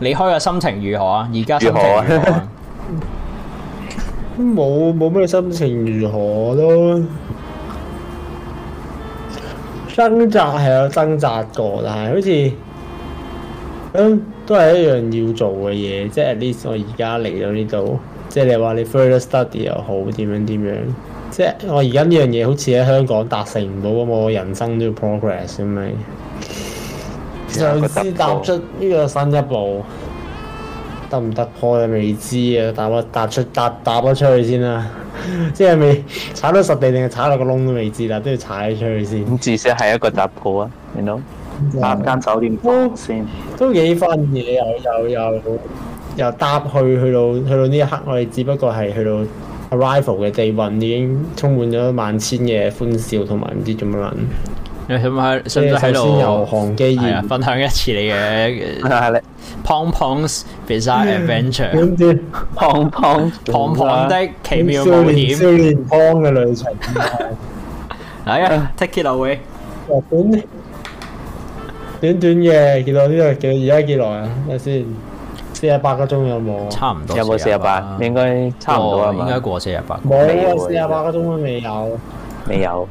離開嘅心情如何啊？而家冇冇咩心情如何咯？掙如何 扎係有掙扎過，但係好似、嗯、都係一樣要做嘅嘢。即係 at least 我而家嚟到呢度，即係你話你 Further Study 又好點樣點樣。即係我而家呢樣嘢好似喺香港達成唔到，咁，我人生都要 progress 咁咪。嘗試踏出呢個新一步，得唔得突破都未知啊！但係踏出踏踏咗出去先啦，即係未踩到實地定係踩落個窿都未知啦，都要踩出去先。至少係一個突破啊！見 you 到 know?、嗯、間酒店先，都幾番嘢，又又又又踏去去到去到呢一刻，我哋只不過係去到 arrival 嘅地運，已經充滿咗萬千嘅歡笑同埋唔知做乜捻。你使唔使使唔使喺度？係啊，分享一次你嘅。係啦，Pong-Pong's Bizarre Adventure，pong pong pong pong 的奇妙冒險，少年 pong 嘅旅程。嚟啊，take it away。短短嘅，見到呢度叫而家幾耐啊？咩先？四廿八個鐘有冇？差唔多。有冇四廿八？你應該差唔多啊嘛。應該過四廿八。冇啊，四廿八個鐘都未有。未有。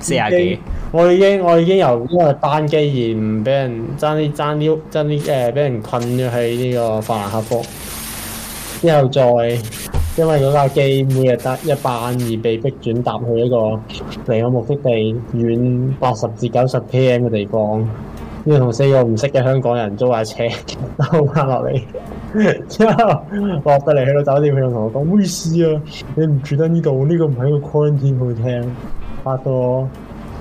四廿幾？我已經我已經由因為班機而唔俾人爭啲爭啲爭啲誒俾人困咗喺呢個法蘭克福，之後再因為嗰架機每日得一班而被迫轉搭去一個離我目的地遠八十至九十 km 嘅地方，呢度同四個唔識嘅香港人租架車兜翻落嚟，之 後落到嚟去到酒店，佢又同我講唔好意思啊，你唔住得呢度，呢、這個唔係個 quarantine hotel，嚇到我。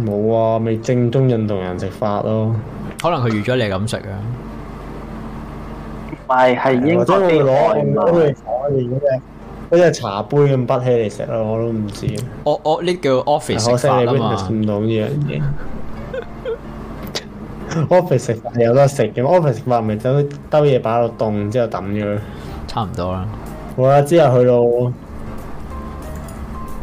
冇啊，咪正宗印度人食法咯，可能佢預咗你咁食啊。唔係，係應該攞攞嚟攞嚟嗰隻好似茶杯咁筆起嚟食咯，我都唔知。我我呢叫 office 食法啊嘛，唔懂呢樣嘢。office 食法有得食嘅，office 食法咪就兜嘢擺喺度凍之後抌咗。差唔多啦。好啦，之後去到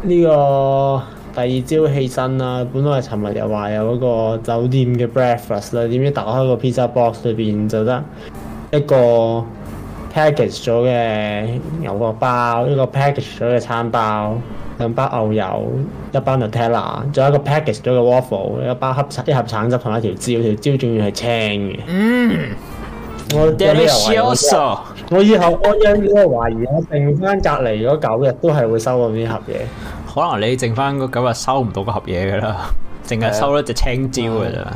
呢個。第二朝起身啦，本嚟，尋日又話有嗰個酒店嘅 breakfast 啦，點知打開個 pizza box 裏邊就得一個 package 咗嘅牛角包，一個 package 咗嘅餐包，兩包牛油，一包 Nutella，仲有一個 package 咗嘅 waffle，一包黑，一盒橙汁同埋一條蕉，條蕉仲要係青嘅。嗯，我以後我以後我一我懷疑我剩翻隔離嗰九日都係會收到呢盒嘢。可能你剩翻嗰九日收唔到個盒嘢噶啦，淨係收咗隻青椒噶咋？你、嗯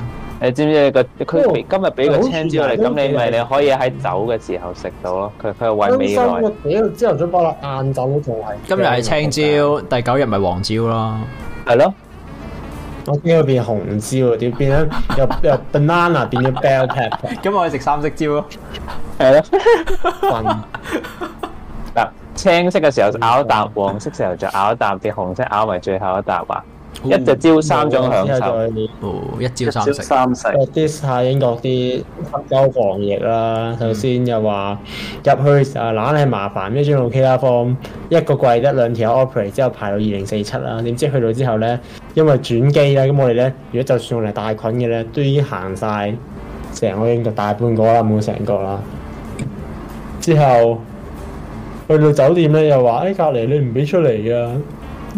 哎、知唔知個區今日俾個青椒嚟，咁你咪你可以喺走嘅時候食到咯。佢佢係為未來。今日我屌，之後包啦，晏酒就係。今日係青椒，第九日咪黃椒咯。係咯。我今日變紅椒，點變咗，又又 banana 變咗 bell pepper 咁我可以食三色椒咯。誒。青色嘅時候就咬一啖，黃色時候就咬一啖，啲紅色咬埋最後一啖啊！一隻蕉三種享受，一蕉三食。我 diss 下英國啲黑狗防疫啦。首先又話入去啊，嗱，你係麻煩咩？專用 PCR，一個櫃得兩條 operate 之後排到二零四七啦。點知去到之後呢，因為轉機啦，咁我哋呢，如果就算用嚟帶菌嘅呢，都已經行晒成個英國大半個啦，冇成個啦。之後。去到酒店咧，又話誒，隔籬，你唔俾出嚟啊。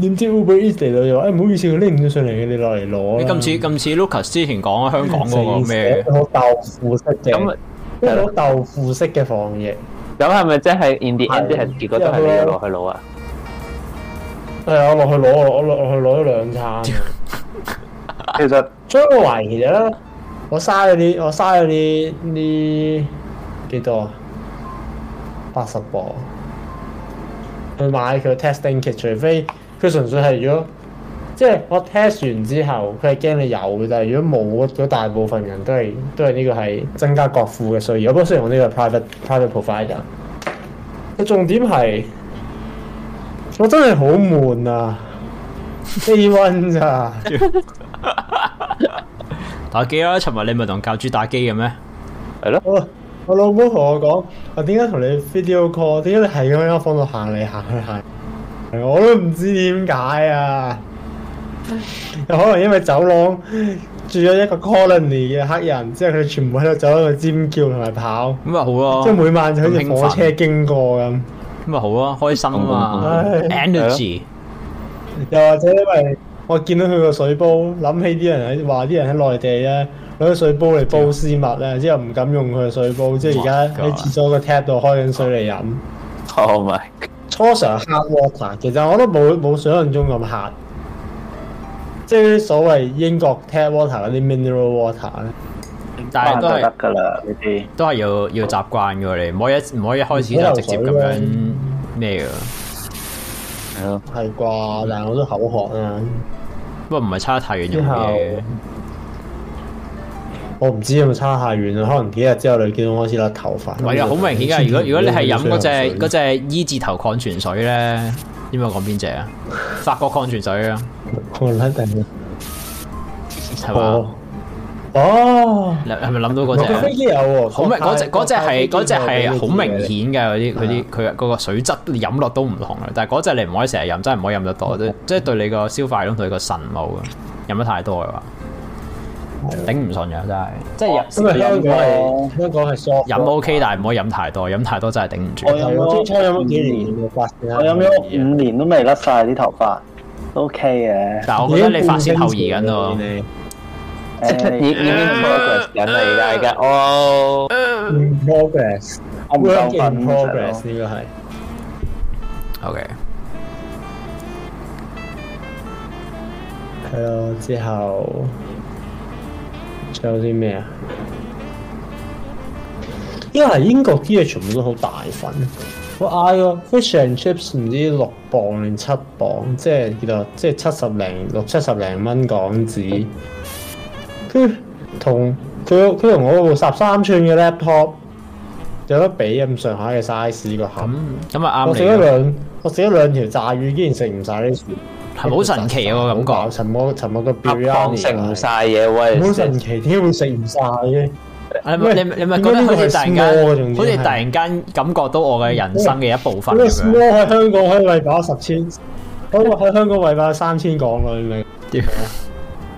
點知 Uber Eats 嚟到又話，誒，唔好意思，佢拎唔到上嚟嘅，你落嚟攞。你咁似咁似 Lucas 之前講啊，香港嗰個咩，即係好豆腐式嘅，即係好豆腐式嘅防疫。咁係咪即係 In the end，係結果都係要落去攞啊？誒，我落去攞，我落落去攞咗兩餐。其實，所以我懷疑啦，我嘥咗啲，我嘥咗啲，呢幾多？八十磅。去買佢 testing kit，除非佢純粹係如果，即係我 test 完之後，佢係驚你有嘅。但係如果冇，咁大部分人都係都係呢個係增加國庫嘅需要。不過雖然我呢個 private private provider，個重點係我真係好悶啊 ！A1 咋 打機啦！尋日你咪同教主打機嘅咩？係咯。我老公同我講：我點解同你 video call？點解你係咁樣放落行嚟行去行？我都唔知點解啊！又可能因為走廊住咗一個 colony 嘅黑人，即係佢全部喺度走喺度尖叫同埋跑。咁咪好咯、啊，即係每晚就好似火車經過咁。咁咪好咯、啊，開心啊 Energy。又或者因為我見到佢個水煲，諗起啲人喺話啲人喺內地咧。攞啲水煲嚟煲絲襪咧，之後唔敢用佢嘅水煲，oh、my 即係而家喺廁所嘅 tap 度開緊水嚟飲。好，唔係初常黑 water，其實我都冇冇想象中咁黑。即係啲所謂英國 tap water 嗰啲 mineral water 咧，但係都係得噶啦，呢啲都係要要習慣嘅喎，你唔可以唔可以一開始就直接咁樣咩噶？係咯，係啩？但係我都口渴啊！不過唔係差太遠嘅。我唔知有差擦下完，可能幾日之後你見到開始甩頭髮。係啊，好明顯噶。如果如果你係飲嗰隻隻 E 字頭礦泉水咧，應該講邊隻啊？法國礦泉水啊。係哦。你係咪諗到嗰隻？有好明嗰隻嗰隻係只係好明顯嘅啲佢啲佢個水質飲落都唔同嘅，但係嗰隻你唔可以成日飲，真係唔可以飲得多，即即係對你個消化系統、你個神冇啊！飲得太多嘅話。頂唔順嘅，真係，即係。咁啊，香港係香港係縮。飲 OK，但係唔可以飲太多，飲太多真係頂唔住。我飲，我最初飲咗幾年嘅發，我飲咗五年都未甩晒啲頭髮，OK 嘅。但係我覺得你髮先後移緊喎。即係已已經開始引嚟噶，而家。Progress，暗中進步呢個係。Okay。係咯，之後。仲有啲咩啊？因為係英國啲嘢，全部都好大份，我嗌個 fish and chips 唔知六磅定七磅，即係佢話，即係七十零六七十零蚊港紙。佢同佢佢同我部十三寸嘅 laptop 有得比，咁上下嘅 size 個盒。咁咁啊啱。嗯嗯、我食咗兩我食咗兩條炸魚，竟然食唔晒呢？係好神奇啊個感覺，琴晚琴晚個表阿尼食唔晒嘢，喂！好神奇，點會食唔晒嘅？你咪你咪，覺得好似突然間，好似突然間感覺到我嘅人生嘅一部分咁喺香港可以餵飽十千，喺喺香港餵飽三千講啊，你明？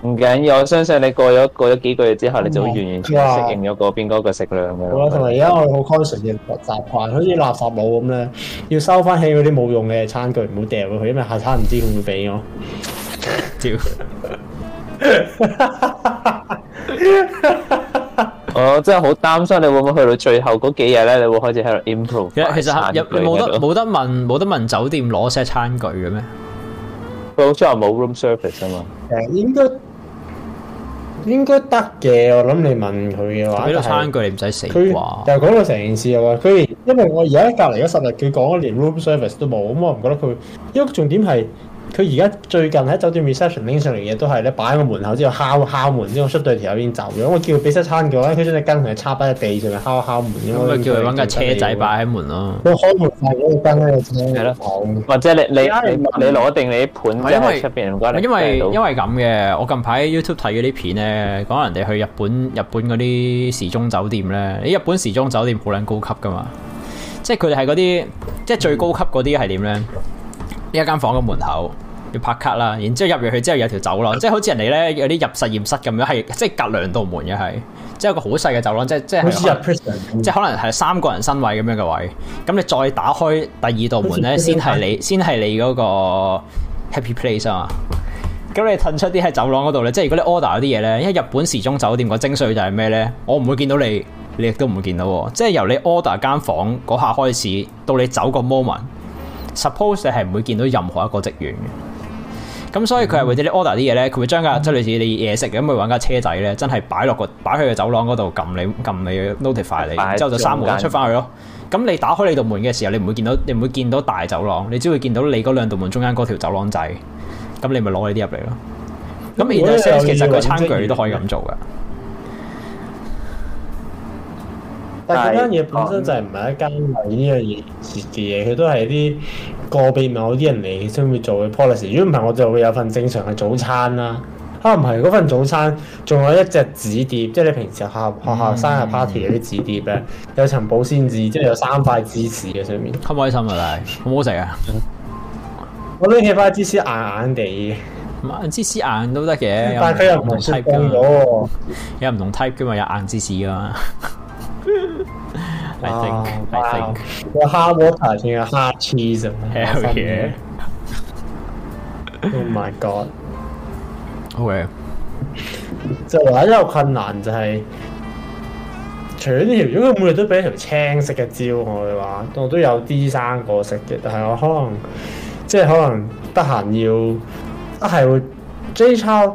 唔緊要，我相信你過咗過咗幾個月之後，你就會完完全適應咗嗰邊嗰個食量嘅。嗯、好啦，同埋而家我好 casual 嘅習慣，好似垃圾佬咁咧，要收翻起嗰啲冇用嘅餐具，唔好掉咗去，因為下餐唔知佢會唔會俾我。屌！我真係好擔心你會唔會去到最後嗰幾日咧，你會開始喺度 improve 餐具。其實入冇得冇得問冇得問酒店攞些餐具嘅咩？佢好似話冇 room service 啊嘛。誒，應該。應該得嘅，我諗你問佢嘅話，洗咗餐具、就是、你唔使死啩。又講到成件事又話，佢因為我而家隔離咗十日，佢講連 room service 都冇，咁、嗯、我唔覺得佢。因為重點係。佢而家最近喺酒店 reception 拎上嚟嘅都係咧，擺喺個門口之後敲敲門之後出對條友已經走咗。我叫佢俾餐嘅話佢將隻跟同佢插喺地上面敲敲門。咁咪叫佢搵架車仔擺喺門咯。我開門係嗰個燈嘅車。係咯了，或者你你你攞定你啲盤，因為出邊。因為咁嘅，我,的我近排 YouTube 睇嗰啲片咧，講人哋去日本日本嗰啲時鐘酒店咧，你日本時鐘酒店好撚高級噶嘛，即係佢哋係嗰啲，即係最高級嗰啲係點咧？一間房嘅門口要拍卡啦，然之後入入去之後有條走廊，即係好似人哋咧有啲入實驗室咁樣，係即係隔兩道門嘅係，即係有個好細嘅走廊，即係即係即係可能係三個人身位咁樣嘅位，咁你再打開第二道門咧，先係是你先係你嗰個 Happy Place 啊，咁你褪出啲喺走廊嗰度咧，即係如果你 order 嗰啲嘢咧，因為日本時鐘酒店個精髓就係咩咧？我唔會見到你，你亦都唔會見到，即係由你 order 間房嗰下開始，到你走個 moment。Suppose 你係唔會見到任何一個職員嘅，咁所以佢係為啲 order 啲嘢咧，佢會將架、嗯、即係類似你嘢食咁去揾架車仔咧，真係擺落個擺去個走廊嗰度，撳你撳你 notify 你，你 not 你之後就閂門出翻去咯。咁你打開你度門嘅時候，你唔會見到，你唔會見到大走廊，你只會見到你嗰兩度門中間嗰條走廊仔。咁你咪攞你啲入嚟咯。咁而家其實個、嗯、餐具你都可以咁做㗎。但係間嘢本身就係唔係一間為呢樣嘢嘅，佢都係啲個別某啲人嚟先會做嘅 policy。如果唔係，我就會有份正常嘅早餐啦。啊，唔係嗰份早餐仲有一隻紙碟，即係你平時學學校生日 party 嗰啲紙碟咧，嗯、有一層保鮮紙，即係有三塊芝士嘅上面。開好鬼心啊！大佬，好唔好食啊？我拎起返芝士硬硬地，芝士硬都得嘅，但係佢又唔同 type 㗎。有唔同 type 㗎嘛？有硬芝士㗎嘛？ 哦，哇 Hell yeah.！個 hard water 仲有 hard cheese，哦耶！Oh my god！Okay，、oh、yeah. 就話一個困難就係、是，除咗呢條魚，佢每日都俾一條青色嘅蕉，我嘅話，我都有啲生果食嘅，但係我可能即係可能得閒要一係、啊、會 JChow。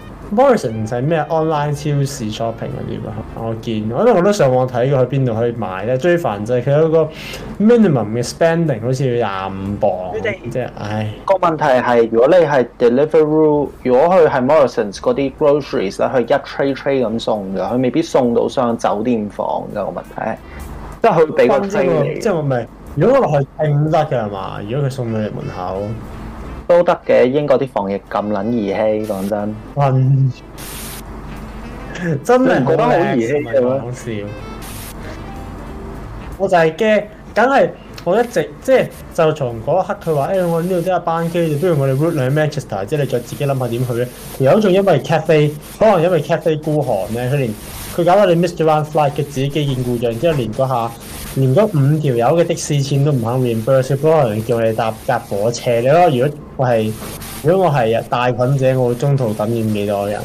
Morrison 就係咩 online 超市 shopping 嗰啲咯，我見我咧我都上網睇佢去邊度去買咧，最煩就係佢嗰個 minimum 嘅 spending 好似要廿五磅，即係定、就是、唉個問題係如果你係 Deliveroo，如果佢係 Morrison 嗰啲 groceries 咧，佢一 tray tray 咁送嘅，佢未必送到上酒店房嘅、個問題係，即係佢會比較即係我明，如果我話佢係得日嘅嘛，如果佢送到你門口。都得嘅，英國啲防疫咁撚兒戲，講真。 真係覺得好兒戲講笑。 我就係驚，梗係我一直即係就從嗰一刻佢話：誒、欸，我呢度都有班機，不如我哋 root 兩 Manchester，即係再自己諗下點去咧。有種因為 cafe 可能因為 cafe 孤寒咧，去年佢搞到你 Mister One Flight 嘅自己機件故障，然之後連嗰下。連咗五條友嘅的士錢都唔肯連，burst 咗可能叫你搭架火車。你睇如果我係，如果我係大菌者，我會中途感染幾多人？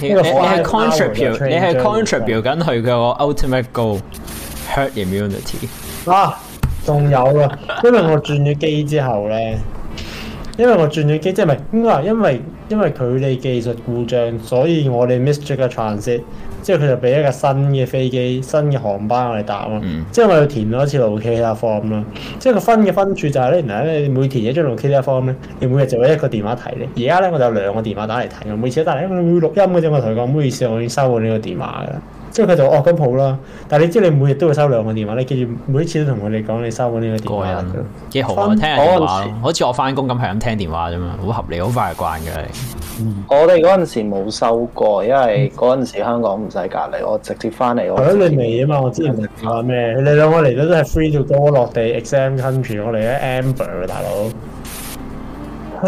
你係 contrib，你係 contrib 緊佢嘅我 ultimate goal，herd immunity。啊，仲有啊，因為我轉咗機之後咧， 因為我轉咗機，即係咪？係應該話因為因為佢哋技術故障，所以我哋 mystery 嘅傳説。即係佢就俾一架新嘅飛機、新嘅航班我哋搭啊！即係、嗯、我要填多一次路 K T A form 即係個分嘅分處就係、是、咧，原來咧你每填一張路 K T A form 咧，你每日就會一個電話提咧。而家咧我就有兩個電話打嚟睇。每次打嚟因為我會錄音嘅啫。我同佢講唔好意思，我已經收過呢個電話㗎。即係佢就哦，咁好啦，但係你知你每日都會收兩個電話，你記住每一次都同佢哋講你收咗呢個電話。個人幾好，聽人話咯，好似我翻工咁，係咁聽電話啫嘛，好合理，好快慣嘅。我哋嗰陣時冇收過，因為嗰陣時香港唔使隔離，我直接翻嚟。響你尾啊嘛，我之前唔係怕咩？你兩個嚟咗都係 free to go 落地 exam country，我嚟咗 amber 啊大佬。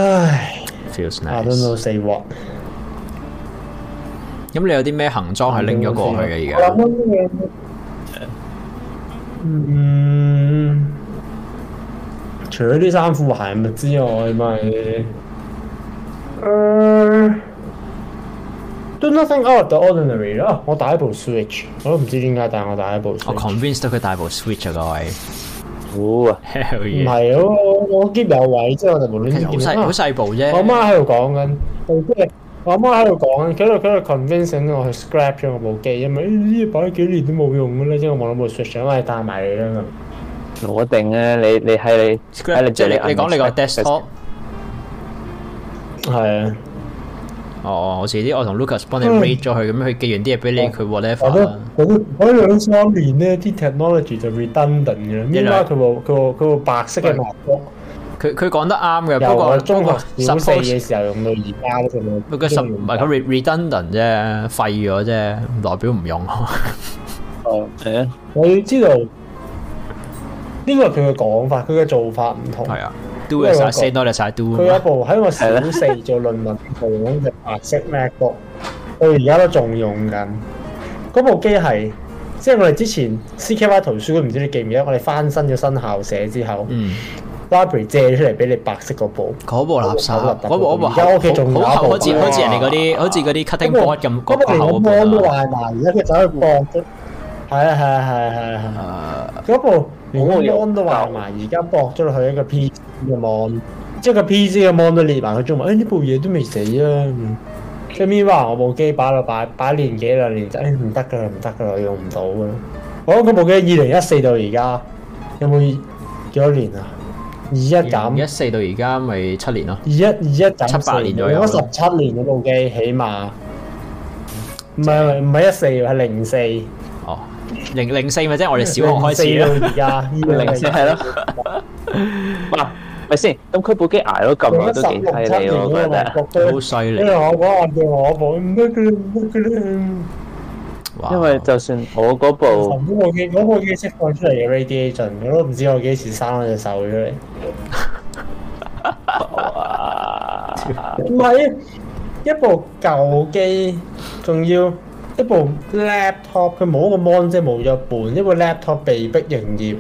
唉，Feels nice。我都冇死鑊。咁你有啲咩行裝係拎咗過去嘅而家？嗯，除咗啲衫褲鞋物之外，咪，呃，do nothing out of the ordinary 咯。我帶一部 Switch，我都唔知點解，但係我帶一部。我 convince 到佢帶部 Switch 啊，各位。唔係，我我 keep 有位，即係我哋無論點，好細好細部啫。我媽喺度講緊，即係。我媽喺度講，佢喺度佢喺度 convince 我去 scrap 咗我部機，因為呢啲擺幾年都冇用嘅咧，即係我冇想話帶埋你啦。我定啊，你你係你，即係你你講你個 desk。係啊。哦哦，遲啲我同 Lucas 幫你 rate 咗佢，咁樣佢寄完啲嘢俾你佢 whatever 啦。我覺得嗰兩三年呢啲 technology 就 redundant 嘅，應該佢個佢個佢個白色嘅唔得。佢佢講得啱嘅，不過中國十四嘅時候用到而家，仲唔？佢十唔係佢 re redundant 啫，廢咗啫，代表唔用咯。哦，係啊，我要知道呢個係佢嘅講法，佢嘅做法唔同。係啊，do it or say no to it。佢有一部喺我小四做論文用嘅白色 MacBook，我而家都仲用緊。嗰部機係即係我哋之前 C K Y 圖書館，唔知你記唔記得，我哋翻新咗新校舍之後。嗯。library 借出嚟俾你白色嗰部，嗰部垃圾，嗰部嗰部，而家屋企仲有一部好似好似人哋嗰啲，好似嗰啲 cutting board 咁，嗰部連網都壞埋，而家佢走去搏出，係啊係啊係啊係啊係啊！嗰部連網都壞埋，而家搏落去一個 PC 嘅網，即係個 PC 嘅網都裂埋，佢仲話：哎，呢部嘢都未死啊！咁咪話我部機擺咗擺擺年幾啦年，哎唔得噶，唔得噶，用唔到噶。我嗰部機二零一四到而家，有冇幾多年啊？二一減，二零一四到而家咪七年咯。二一二一減，七八年左右，我十七年嗰部機起碼，唔係唔係一四係零四，哦，零零四咪即係我哋小學開始咯，而家，零四係咯。喂，咪先，咁佢部機挨咗咁耐都幾犀利喎，真係，好犀利。因為就算我嗰部嗰部機嗰部機釋放出嚟嘅 radiation，我都唔知我幾時生咗隻手出嚟。唔係、 啊，一部舊機，仲要一部 laptop，佢冇個 mon 即係冇咗一半，因為 laptop 被迫營業，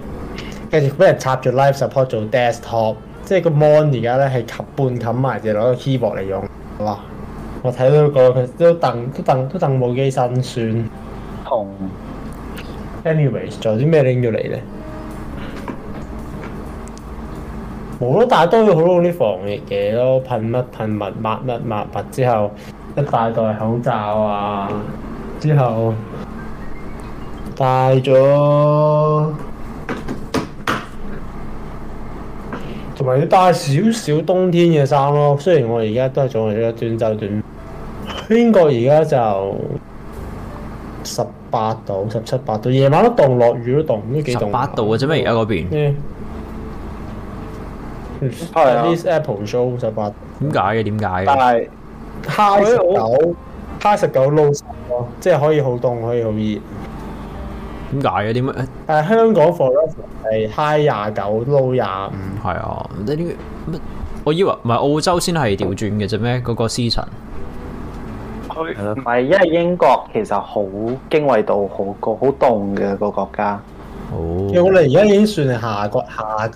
跟住俾人插住 live support 做 desktop，即係個 mon 而家咧係半冚埋，就攞個 keyboard 嚟用，係嘛？我睇到、嗰個，佢都掟都掟都掟部機身算。同，anyways，仲有啲咩拎咗嚟咧？冇咯，但係都要好多啲防疫嘢咯，噴乜噴物，抹乜抹物之後，一大袋口罩啊，之後戴咗，同埋要帶少少冬天嘅衫咯。雖然我而家都係着呢啲短袖短，英國而家就。十八度，十七八度，夜晚都凍，落雨都凍，唔知幾凍。十八度嘅啫咩？而家嗰邊。嗯，係啊。Yeah. 啲 Apple Show 十八。點解嘅？點解嘅？但係 High 九 High 十九 Low 十咯，即係可以好凍，可以好熱。點解嘅？點乜？誒，uh, 香港 f o 係 High 廿九，Low 廿五，嗯。係啊，唔係呢？乜？我以為唔係澳洲先係調轉嘅啫咩？嗰、那個 season。係咯，唔係，因為英國其實好經緯度好高，好凍嘅個國家。哦，因為我哋而家已經算係夏季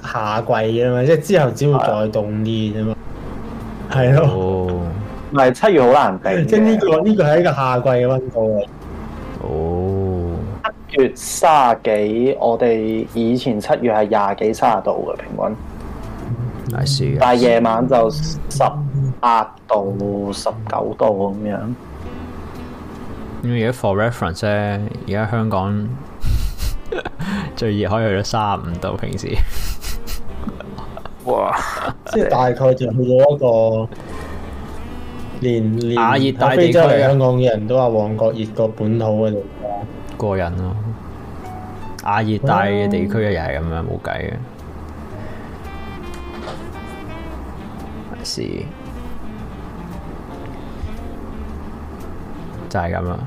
夏夏季嘅嘛，即係之後只會再凍啲啫嘛。係咯，哦，唔係七月好難頂，即係呢個呢個係一個夏季嘅溫度。哦，七月卅幾，我哋以前七月係廿幾卅度嘅平均。I see，但係夜晚就十八度、十九度咁樣。咁而家 for reference 咧，而家香港最熱可以去到三十五度，平時哇，即係大概就去到一個連連亞熱帶地區，香港嘅人都話旺角熱過本土嘅過癮咯。亞熱帶嘅地區又係咁樣，冇計嘅。就係咁啦，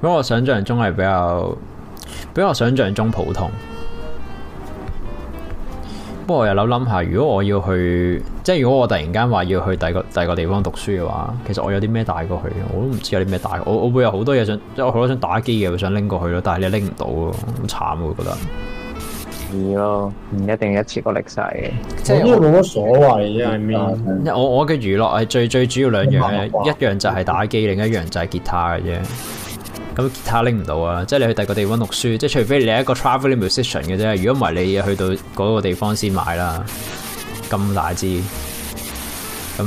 不過我想象中係比較，比我想象中普通。不過我又諗諗下，如果我要去，即係如果我突然間話要去第個第個地方讀書嘅話，其實我有啲咩帶過去，我都唔知有啲咩帶。我我會有好多嘢想，即係我好多想打機嘅，會想拎過去咯。但係你拎唔到咯，好慘我覺得。咯，唔 一定一次過拎晒嘅，即係冇乜所謂。因為咩？我我嘅娛樂係最最主要兩樣嘅，嗯嗯嗯、一樣就係打機，嗯、另一樣就係吉他嘅啫。咁吉他拎唔到啊！即係你去第個地方讀書，即係除非你係一個 traveling musician 嘅啫。如果唔係，你去到嗰個地方先買啦。咁大支，咁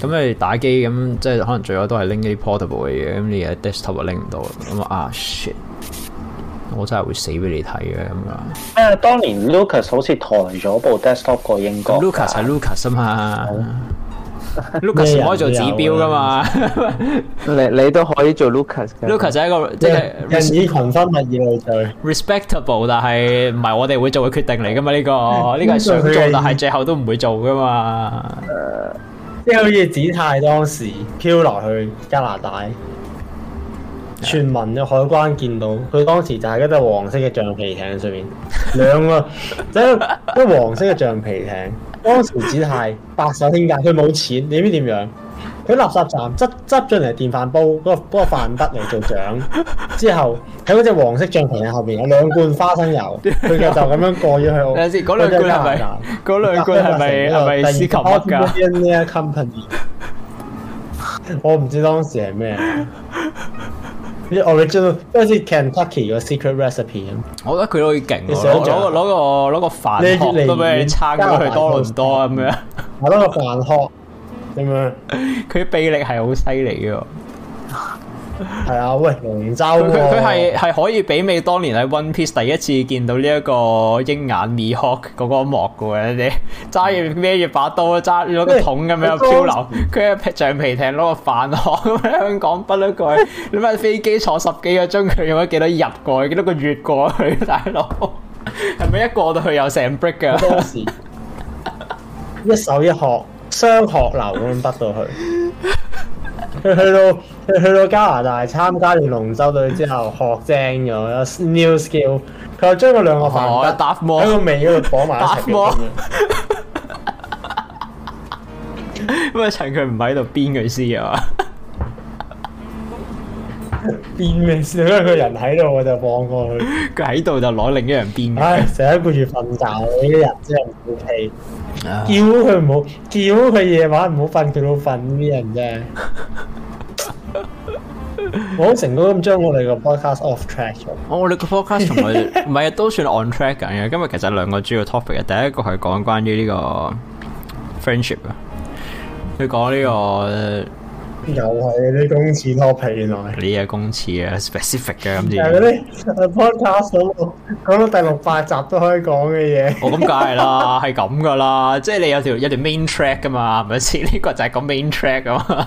咁你打機咁，即係可能最後都係拎啲 portable 嘅嘢。咁你喺 desktop 啊拎唔到。咁啊啊！shit！我真係會死俾你睇嘅咁樣！啊，當年 Lucas 好似抬咗部 desktop 過英國 Luc Luc 的，Lucas 係 Lucas 啊嘛，Lucas 可以做指標噶嘛？你你都可以做 Lucas，Lucas 係一個即係人以群分嘅意嚟 respectable，但係唔係我哋會做嘅決定嚟噶嘛？呢、這個呢個係想做，但係最後都唔會做噶嘛？即係好似子泰當時漂落去加拿大。全民嘅海關見到佢當時就喺嗰隻黃色嘅橡皮艇上面，兩個即係、一隻、黃色嘅橡皮艇。當時只係白手興家，佢冇錢，你知點樣？佢垃圾站執執咗嚟電飯煲嗰、嗰個飯、嗰個飯粒嚟做獎，之後喺嗰隻黃色橡皮艇後面有兩罐花生油，佢 就咁樣過咗去。等陣先，嗰兩罐係咪？嗰兩罐係咪我唔知當時係咩。 啲 original，好似 Kentucky 個 secret recipe 咁，我覺得佢都好勁喎，攞攞個攞個,個飯殼都俾人過去多倫多咁樣，係攞個飯殼咁樣，佢啲臂 麼 力係好犀利嘅。係啊，喂，龍舟佢佢係係可以媲美當年喺 One Piece 第一次見到呢一個鷹眼 Mihawk 嗰個幕嘅，你揸住孭住把刀，揸住一個桶咁樣漂流，佢喺、欸、橡皮艇攞個飯殼咁喺香港不甩過嚟，你咪飛機坐十幾個鐘，佢用咗幾多日過去，幾多個月過去，大佬係咪一過到去又成 break 噶？當時一手一學雙學流咁樣不到去。佢去到去到加拿大參加完龍舟隊之後學精咗 new skill，佢又將嗰兩個帆搭喺個尾嗰、oh, 度綁埋、啊、一齊咁樣。咁佢唔喺度編佢先？啊嘛？編咩詩咧？佢人喺度我就放過佢、哎。佢喺度就攞另一人編。成一個月瞓覺一日真係好皮。叫佢唔好，叫佢夜晚唔好瞓，佢都瞓啲人啫。我好成功咁將我哋個 podcast off track 咗、哦。我哋個 podcast 同佢唔係啊，都算 on track 緊嘅。今日其實兩個主要 topic 第一個係講關於呢個 friendship 啊、這個，佢講呢個又係啲公事 topic，原來你嘅公事啊 specific 嘅咁。但係嗰 啲 podcast 都講到第六八集都可以講嘅嘢。我咁梗係啦，係咁噶啦，即係你有條有條 main track 噶嘛，唔係先呢個就係講 main track 噶嘛。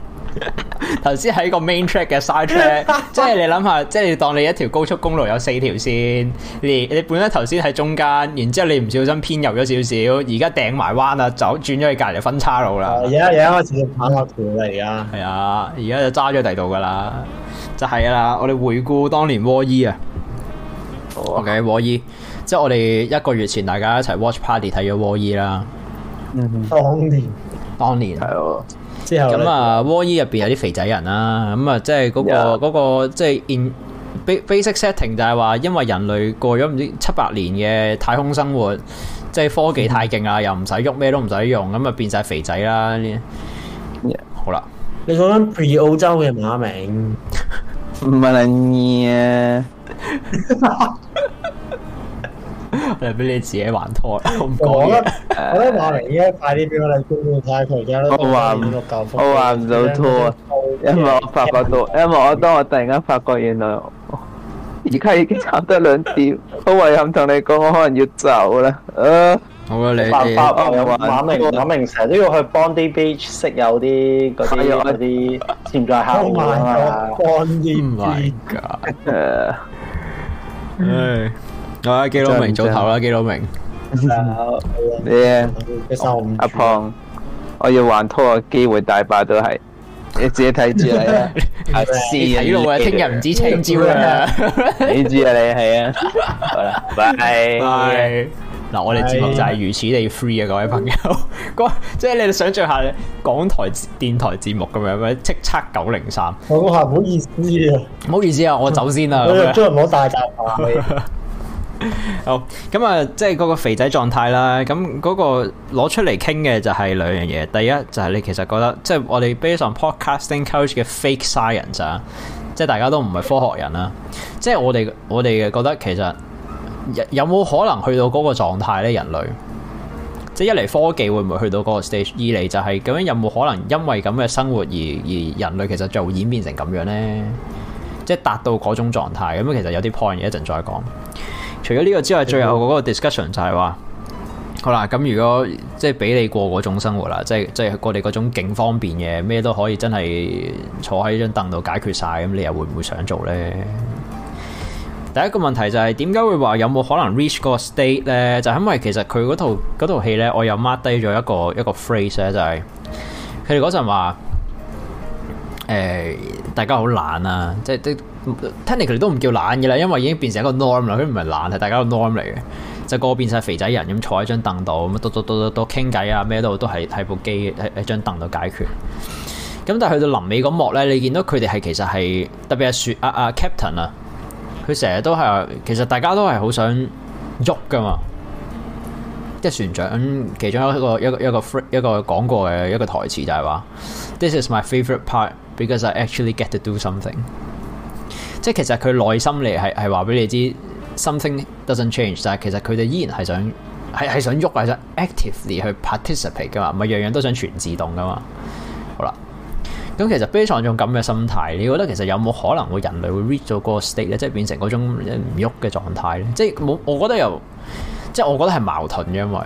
頭先喺個 main track 嘅 side track， 即係你諗下，即係當你一條高速公路有四條線，你你本身頭先喺中間，然之後你唔小心偏右咗少少，而家掟埋彎啦，走轉咗去隔籬分叉路啦。而家而家開始要跑下條嚟而係啊，而家、啊啊、就揸咗第度噶啦，就係、是、啦、啊。我哋回顧當年 Wall-E、啊，OK Wall-E、即係我哋一個月前大家一齊 watch party 睇咗 Wall-E 啦。當年，當年係。咁啊 Wall-E 入邊有啲肥仔人啦，咁啊，即係嗰個即係 Yeah. in basic setting 就係話，因為人類過咗唔知七百年嘅太空生活，即係科技太勁啊，又唔使喐，咩都唔使用，咁啊變晒肥仔啦。Yeah. 好啦了，你講緊譬如澳洲嘅馬名，唔係啦，咩？嚟俾你自己玩拖啦！我唔講。我覺得我覺得馬明而家快啲俾我哋觀看佢嘅咯。我話唔到，我話唔到拖啊！因為我發發到因為我，當我突然間發覺原來而家已經差唔多兩點，我唯有同你講，我可能要走啦。好啦，你馬馬馬明馬明成日都要去 Bondi Beach 識有啲嗰啲嗰啲潛在客戶啊！Oh my god！唉。我喺基多明早投啦？基多明，投？耶！阿胖，我要還拖個機會大把都係，你自己睇住你啦。是啊，呢個聽日唔知聽朝啊。你知啊？你係啊。好啦，拜拜。嗱，我哋節目就係如此地 free 啊，各位朋友。即係你哋想象下，港台電台節目咁樣咩？叱咤九零三。我話唔好意思啊，唔好意思啊，我走先啦。你日唔好大炸彈？好，咁啊，即係嗰個肥仔狀態啦。咁嗰個攞出嚟傾嘅就係兩樣嘢。第一就係、是、你其實覺得，即係我哋 based on Podcasting Coach 嘅 fake science，即係大家都唔係科學人啦。即係我哋我哋覺得其實有冇可能去到嗰個狀態呢？人類，即係一嚟科技會唔會去到嗰個 stage？二嚟就係咁樣有冇可能因為咁嘅生活而而人類其實就演變成咁樣呢？即係達到嗰種狀態，咁其實有啲 point 一陣再講。除咗呢個之外，最後嗰個 discussion 就係話，好啦，咁如果即係俾你過嗰種生活啦，即係即係過你嗰種景方便嘅，咩都可以，真係坐喺張凳度解決晒，咁你又會唔會想做呢？第一個問題就係點解會話有冇可能 reach 嗰個 state 呢？就係、因為其實佢嗰套嗰套戲呢，我又 mark 低咗一個一個 phrase 咧、就係，就係佢哋嗰陣話，誒、呃，大家好懶啊，即係 Technically 都唔叫懶嘅啦，因為已經變成一個 norm 啦。佢唔係懶，係大家個 norm 嚟嘅。就個變晒肥仔人咁坐喺張凳度，咁嘟嘟嘟嘟嘟傾偈啊，咩都都喺喺部機喺喺張凳度解決。咁但係去到臨尾嗰幕呢，你見到佢哋係其實係特別係船啊啊 Captain 啊，佢成日都係其實大家都係好想喐噶嘛。即係船長、嗯、其中一個一個一個一個,一個講過嘅一個台詞就係、是、話：This is my favourite part because I actually get to do something。即係其實佢內心嚟係係話俾你知 something doesn't change，但係其實佢哋依然係想係想喐，係想 actively 去 participate 噶嘛，唔係樣樣都想全自動噶嘛。好啦，咁其實 based 喺種咁嘅心態，你覺得其實有冇可能會人類會 reach 到個 state 咧，即係變成嗰種唔喐嘅狀態咧？即係冇，我覺得又即係我覺得係矛盾嘅，因為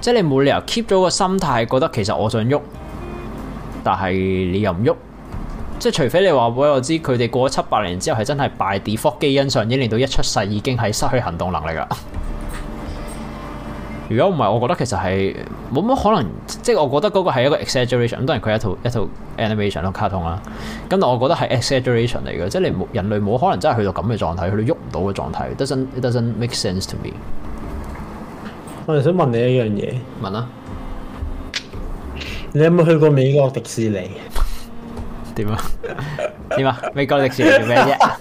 即係你冇理由 keep 咗個心態，覺得其實我想喐，但係你又唔喐。即係除非你話我,我知佢哋過咗七百年之後係真係 by default 基因上已經令到一出世已經係失去行動能力啦。如果唔係，我覺得其實係冇乜可能。即係我覺得嗰個係一個 exaggeration。咁當然佢一套一套 animation 咯，卡通啦。咁但我覺得係 exaggeration 嚟嘅。即係你人類冇可能真係去到咁嘅狀態，去到喐唔到嘅狀態。doesn't make sense to me。我哋想問你一樣嘢，問啦、啊，你有冇去過美國迪士尼？點啊？點啊？美國迪士尼做咩啫？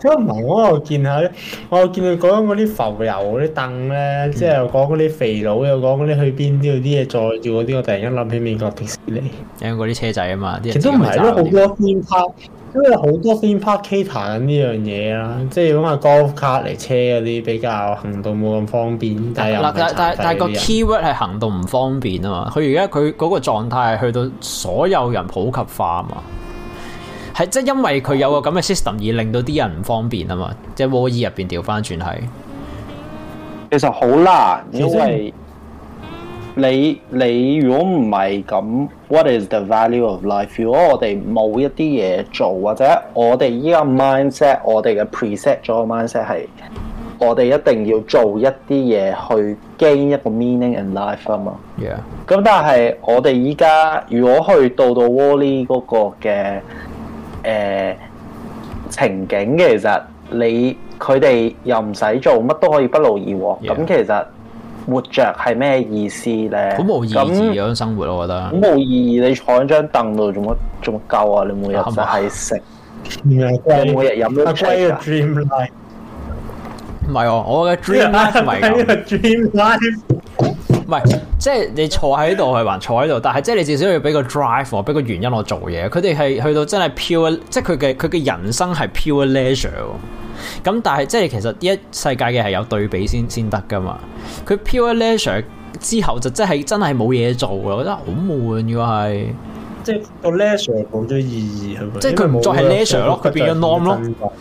如果唔係，我又見下咧，我、嗯、又見佢講緊嗰啲浮游嗰啲凳咧，即係又講嗰啲肥佬，又講嗰啲去邊啲度啲嘢再叫嗰啲，我突然間諗起美國迪士尼。因為嗰啲車仔啊嘛，其實都唔係，好多因為好多先 park cater 呢樣嘢啦，即係用下高卡嚟車嗰啲比較行動冇咁方便，但係但但但，但個 keyword 係行動唔方便啊嘛，佢而家佢嗰個狀態係去到所有人普及化啊嘛，係即係因為佢有個咁嘅 system 而令到啲人唔方便啊嘛，即係 Wall E 入邊，調翻轉係其實好難，因為。你你如果唔係咁，What is the value of life？如果我哋冇一啲嘢做，或者我哋依家 mindset，我哋嘅 preset 咗個 mindset 係，我哋一定要做一啲嘢去 gain 一個 meaning in life 啊嘛 Yeah.。咁但係我哋依家如果去到到 Wall-E 嗰個嘅誒、呃、情景其實你佢哋又唔使做，乜都可以不勞而獲。咁 Yeah. 其實。活着係咩意思咧？好冇意義咁樣生活那，我覺得。好冇意義，你坐喺張凳度做乜做乜鳩啊？你每日咪係食，每日每日飲咗醉。Achieve a dream life。唔係我，我嘅 dream life 唔係。Achieve a dream life。唔係，即係你坐喺度係還坐喺度，但係即係你至少要俾個 drive 我，俾個原因我做嘢。佢哋係去到真係 pure，即係佢嘅佢嘅人生係 pure leisure。咁但係即係其實呢一世界嘅係有對比先先得噶嘛？佢 pure leisure 之後就即係真係冇嘢做啊！我覺得好悶噶係，即係個 leisure 冇咗意義，即係佢唔再係 leisure 咯，佢變咗 norm 咯，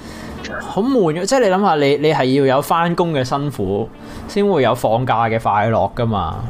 好悶即係你諗下，你你係要有翻工嘅辛苦，先會有放假嘅快樂噶嘛？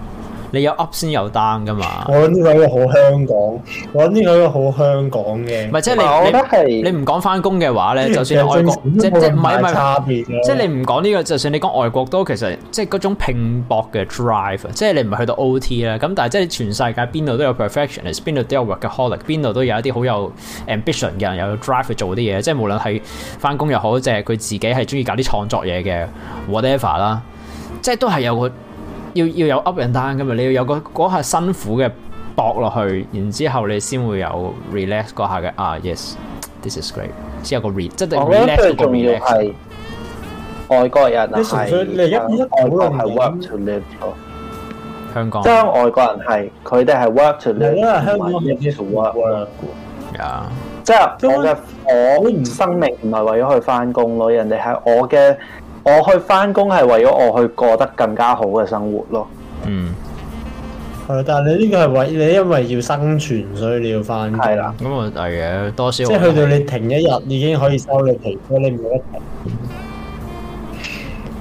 你有 up 先有 down 噶嘛？我覺得呢個好香港，覺得呢個好香港嘅。唔係即係，你，你唔講翻工嘅話咧，就算你外國，即即唔係唔係片面。即係是是你唔講呢個，就算你講外國都其實，即係嗰種拼搏嘅 drive，即係你唔係去到 OT 啦。咁但係即係全世界邊度都有 perfectionist，邊度都有 workaholic，邊度都有一啲好有 ambition 嘅人，有 drive 去做啲嘢。即係無論係翻工又好，即係佢自己係中意搞啲創作嘢嘅 whatever 啦。即係都係有個。要要有 up and down 㗎嘛！你要有個嗰下辛苦嘅搏落去，然之後你先會有 relax 嗰下嘅啊！Yes，this is great，先有個 re，即係 relax。我覺得最重要係外國人啊，係外國人係 work to live 咯。香港即係外國人係，佢哋係 work to live。香港人係 to work。啊，即係我嘅我生命唔係為咗去翻工咯，人哋係我嘅。我去翻工係為咗我去過得更加好嘅生活咯。嗯，係，但係你呢個係為你因為要生存，所以你要翻工。係啦，咁啊係嘅，多少即係去到你停一日已經可以收你皮膚，你冇得停，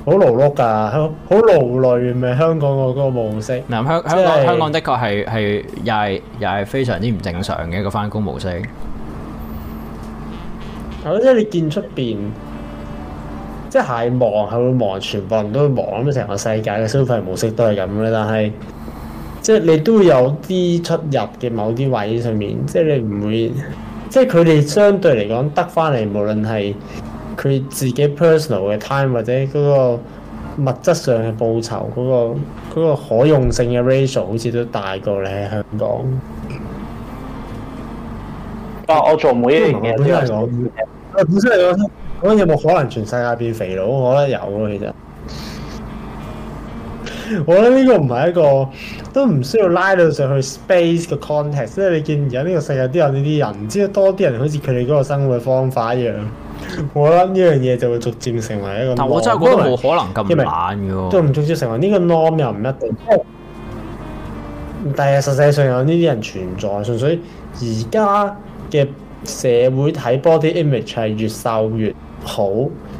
好勞碌噶，好勞累咪香港嗰個模式。嗱，香香港香港的確係係又係又係非常之唔正常嘅一個翻工模式。係咯，即係你見出邊。即係忙係會忙，全部人都會忙咁，成個世界嘅消費模式都係咁嘅，但係即係你都會有啲出入嘅，某啲位上面，即係你唔會，即係佢哋相對嚟講得翻嚟，無論係佢自己 personal 嘅 time 或者嗰個物質上嘅報酬，嗰個嗰個可用性嘅 ratio 好似都大過你喺香港，啊，我做每一嘢嘅，都啱。啊，我覺得有冇可能全世界變肥佬？我覺得有咯，其實。我覺得呢個唔係一個，都唔需要拉到上去 space 嘅 context，即係你見而家呢個世界都有呢啲人，只要多啲人好似佢哋嗰個生活方法一樣，我覺得呢樣嘢就會逐漸成為一個。我真係覺得冇可能咁嘅喎，因為，都唔足之成為呢、呢個 norm 又唔一定。但係實際上有呢啲人存在，純粹而家嘅社會睇 body image 係越瘦越～好，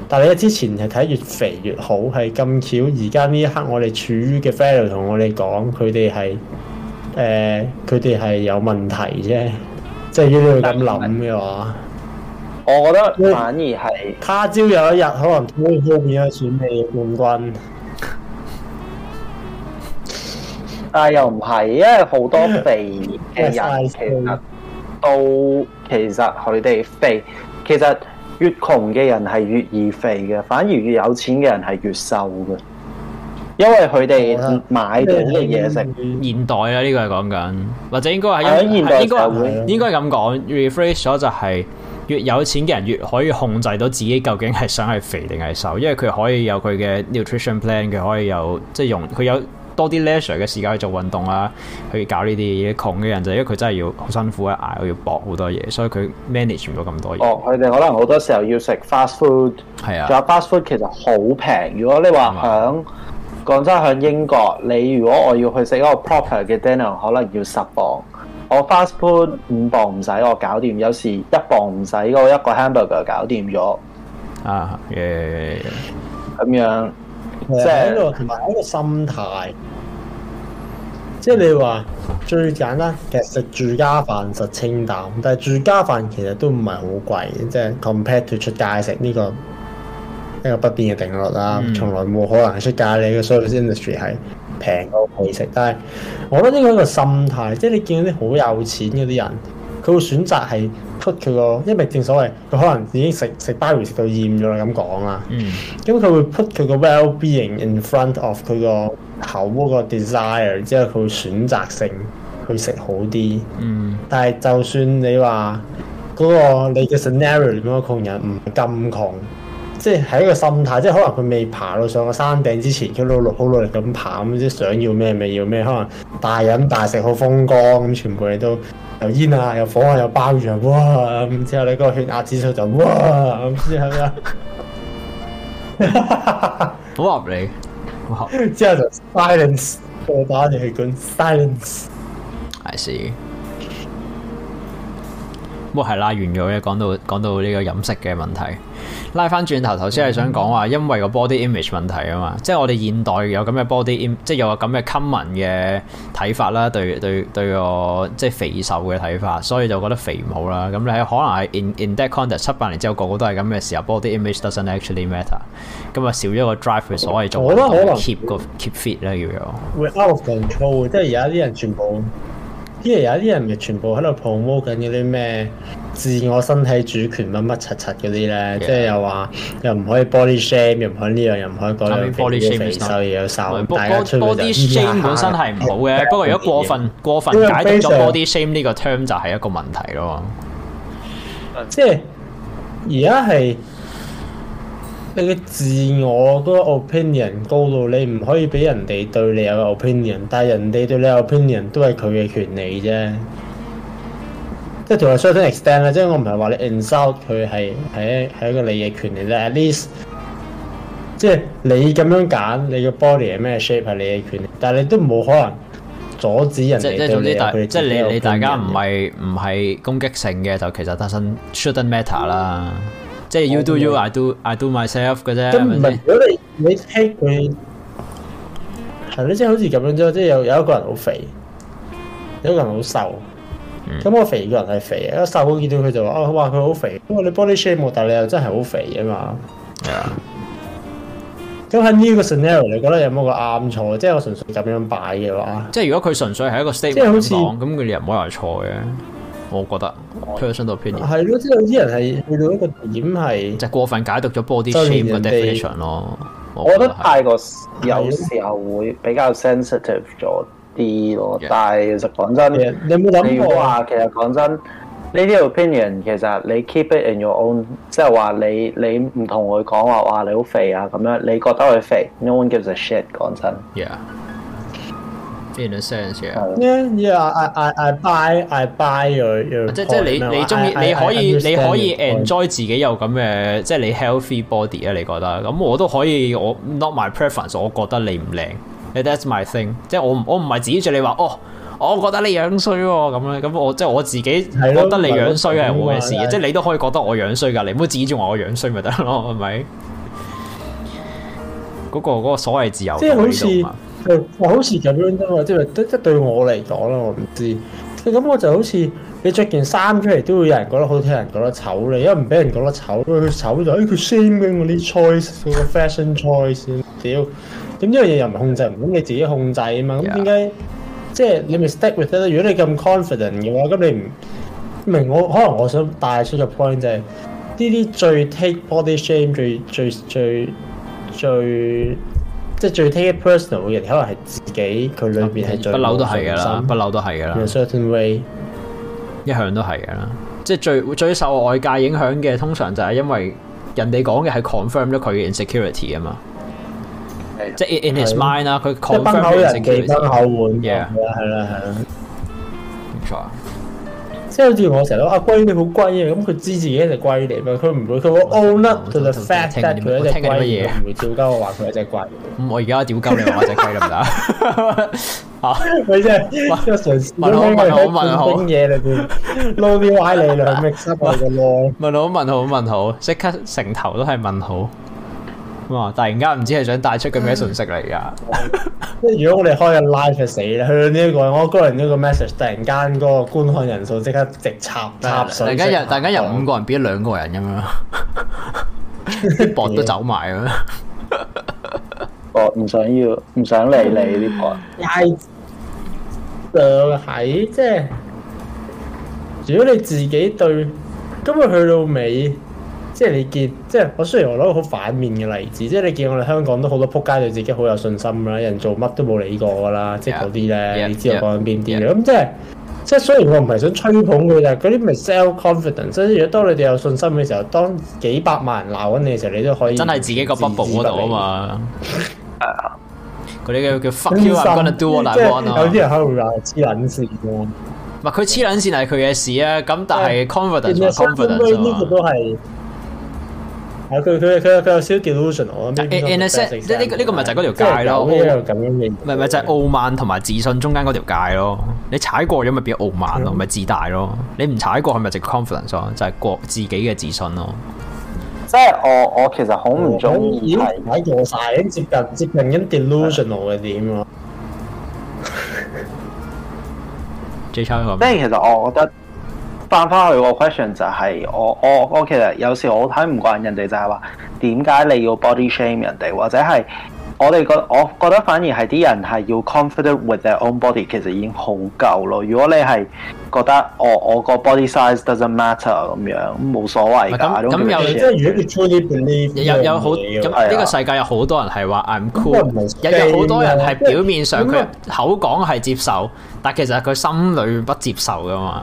但係你之前係睇越肥越好，係咁巧，而家呢一刻我哋處於嘅 f e l e 同我哋講，佢哋係誒，佢哋係有問題啫，即係呢啲咁諗嘅話，我覺得反而係。他朝有一日可能可以可以選美冠軍，但係又唔係，因為好多肥嘅人其實都其實佢哋肥其實。越窮嘅人係越易肥嘅，反而越有錢嘅人係越瘦嘅，因為佢哋買到嘅嘢食、嗯。嗯嗯、現代啦、啊、呢、這個係講緊，或者應該係、嗯、應該應該係咁講。嗯、refresh 咗就係、是、越有錢嘅人越可以控制到自己究竟係想係肥定係瘦，因為佢可以有佢嘅 nutrition plan，佢可以有即係用佢有。多啲 leisure 嘅時間去做運動啊，去搞呢啲嘢。窮嘅人就因為佢真係要好辛苦一、啊、捱，要搏好多嘢，所以佢 manage 唔到咁多嘢。哦，佢哋可能好多時候要食 fast food，係啊，仲有 fast food 其實好平。如果你話喺廣州、喺嗎英國，你如果我要去食一個 proper 嘅 dinner，可能要十磅，我 fast food 五磅唔使，我搞掂。有時一磅唔使我一個 hamburger 搞掂咗啊，耶！咁樣。即係呢度，同埋呢個心態，即係你話最簡單，其實食住家飯食清淡，但係住家飯其實都唔係好貴，即係 compare to 出街食呢個，呢個不變嘅定律啦。從、mm. 來冇可能係出街，你嘅 service industry 係平過可以食。但係我覺得呢個一個心態，即係你見到啲好有錢嗰啲人。佢會選擇係 put 佢個，因為正所謂佢可能已經食食鮑魚食到厭咗啦，咁講啦。咁佢、嗯、會 put 佢個 well-being in front of 佢、嗰個口個 desire，之後佢會選擇性去食好啲。嗯、但係就算你話嗰、嗰個你嘅 scenario 咁嘅窮人唔咁窮，即係係一個心態，即係可能佢未爬到上個山頂之前，佢都好努力咁爬，咁即係想要咩咪要咩，可能大飲大食好風光，咁全部嘢都。有煙啊，有火啊，有爆住啊，咁、嗯、之後你個血壓指數就哇，咁之後咧，哈好惡你，好合理之後就 silence，我打你係講 silence，I see。都係拉完咗嘅講到講到呢個飲食嘅問題，拉翻轉頭，頭先係想講話，因為個 body image 問題啊嘛，即係我哋現代有咁嘅 body image 即係有個咁嘅 common 嘅睇法啦，對對對個即係肥瘦嘅睇法，所以就覺得肥唔好啦。咁你可能係 in in that context 七八年之後個個都係咁嘅時候，body image doesn't actually matter。咁啊少咗個 drive 去所謂做 keep 個 keep fit you know? 啦，叫做。out control 即係而家啲人全部。啲、yeah, 人有啲人咪全部喺度 promote 緊嗰啲咩自我身體主權乜乜柒柒嗰啲咧，即係 Yeah. 又話又唔可以 body shame，又唔可以呢、這、樣、個，又唔可以嗰、那、樣、個、body shame 嘅，所以有受大家出邊就唔 body shame 本身係唔好嘅，不過如果過分過分解讀咗 body shame 呢個 term 就係一個問題咯。即係而家係。你嘅自我嗰個 opinion 高到，你唔可以俾人哋對你有 opinion，但係人哋對你嘅 opinion 都係佢嘅權利啫。即係同埋 shouldn't extend 啦，即係我唔係話你 insult 佢係係係一個你嘅權利啫。At least，即係你咁樣揀你嘅 body 係咩 shape 係你嘅權利，但係你都冇可能阻止人哋對你你哋係，即係總之，即係你你大家唔係唔係攻擊性嘅，就其實得身 shouldn't matter 啦。即係 you do you，I do I do myself 嘅啫、嗯。咁唔係，如果你你聽佢係咯，即係、就是、好似咁樣啫，即、就、係、是、有有一個人好肥，有一個人好瘦。咁、嗯、我肥嘅人係肥啊，瘦嘅見到佢就話啊，話佢好肥。咁你 body shape，但係你又真係好肥啊嘛。係啊。咁喺呢個 scenario，你覺得有冇個啱錯？即、就、係、是、我純粹就咁樣擺嘅話，即係如果佢純粹係一個 statement，佢哋又唔可以係錯嘅。我覺得我 personal opinion 係咯，即係有啲人係去到一個點係，就過分解讀咗 body shape 個 definition 咯。我覺得太過，有時候會比較 sensitive 咗啲咯。但係、啊、其實講真，你有冇諗過啊？其實講真呢啲 opinion，其實你 keep it in your own，即係話你你唔同佢講話哇你好肥啊咁樣，你覺得佢肥？No one gives a shit，講真。Yeah. make sense 呀？咩？你話，I I I buy I buy 佢即，即即係你你中意，I, I, 你可以你可以 enjoy 自己有咁嘅，即係你 healthy body 啊？你覺得咁我都可以，我 not my preference，我覺得你唔靚，that's my thing 即。即係我我唔係指住你話，哦、oh,，我覺得你樣衰喎咁咧，咁我即係我自己覺得你樣衰係、啊、了我嘅事，即係你都可以覺得我樣衰噶、啊的啊，你唔好自己仲話我樣衰咪得咯，係 咪、 那個？嗰個嗰個所謂自由，即係好似。我好似咁樣啫嘛，即係即即對我嚟講啦，我唔知。咁我就好似你著件衫出嚟，都會有人覺得好睇，人覺得醜你，因為唔俾人覺得醜，佢醜就誒佢 shame 緊我啲 choice，個 fashion choice。屌，點知呢樣嘢又唔係控制唔到，你自己控制啊嘛。點解即係你咪 stick with 咧？如果你咁 confident 嘅話，咁你唔明我可能我想帶出個 point 就係呢啲最 take body shame，最最最最。即係最 take personal 嘅，可能係自己佢裏邊係最不嬲都係嘅啦，不嬲都係嘅啦，certain way 啦。一向都係嘅啦，即最最受外界影響嘅，通常就係因為人哋講嘅係 confirm 咗佢嘅 insecurity 啊嘛。係對，即 in 對 his mind 啦，佢 confirm 咗人哋嘅。即崩口人忌崩口碗，係啦係啦係啦，唔錯啊！即係好似我成日都話龜你好貴啊，咁佢知自己係隻龜嚟，佢唔會佢會傲甩，佢就 fat fat 佢一隻龜，唔會照鳩我話佢一隻龜。咁我而家屌鳩你話我隻龜得唔得啊？啊！佢即係即係嘗試問好問好問好，攞啲壞料嚟 mix 落個內。問好問好問好，即刻成頭都係問好。哇！突然間唔知係想帶出嘅咩信息嚟噶，即係、嗯、 如果我哋開個 live 就死啦，去到呢一個，我、這個、一個人呢個 message，突然間嗰個觀看人數即刻直插插，突然間又對 突然由五個人變咗兩個人咁樣，啲 博都走埋咁樣，我唔、 哦、想要，唔想理你啲博。 就係即係，如果你自己對，今日去到尾。即係你見，即係我雖然我攞個好反面嘅例子，即係你見我哋香港都好多撲街對自己好有信心啦，人做乜都冇理過噶啦，即係嗰啲咧，你知道講緊邊啲。咁即係即係，雖然我唔係想吹捧佢哋，嗰啲咪 self confidence。所以如果當你哋有信心嘅時候，當幾百萬人鬧緊你嘅時候，你都可以真係自己個 bubble 嗰度啊嘛。嗰啲叫叫 fuck you 啊，嗰啲 do or die 啊。即係有啲人喺度鬧黐撚線，唔係佢黐撚線係佢嘅事啊。咁但係 confidence 啊，confidence 呢個都係。佢佢佢佢有少 delusional 啊，即係呢個呢、這個咪就係嗰條界咯。唔係唔係就係傲慢同埋自信中間嗰條界咯。嗯、你踩過咗咪變傲慢咯，咪、嗯、自大咯。你唔踩過係咪就 confidence 咯？就係、是、個自己嘅自信咯。即係我我其實好唔中意踩過晒，接近接近啲 delusional 嘅點最差 j K. 咩其實就我覺得。翻返去個 question 就係、是、我我我其實有時候我睇唔慣人哋就係話點解你要 body shame 人哋，或者係我哋覺我覺得反而係啲人係要 confident with their own body，其實已經好夠咯。如果你係覺得我我個 body size doesn't matter 咁樣，冇所謂咁咁有。即係如果佢追呢邊啲，有有好咁呢的個世界有好多人係話，I'm cool。有有好多人係表面上佢為口講係接受，為但其實佢心裏不接受噶嘛。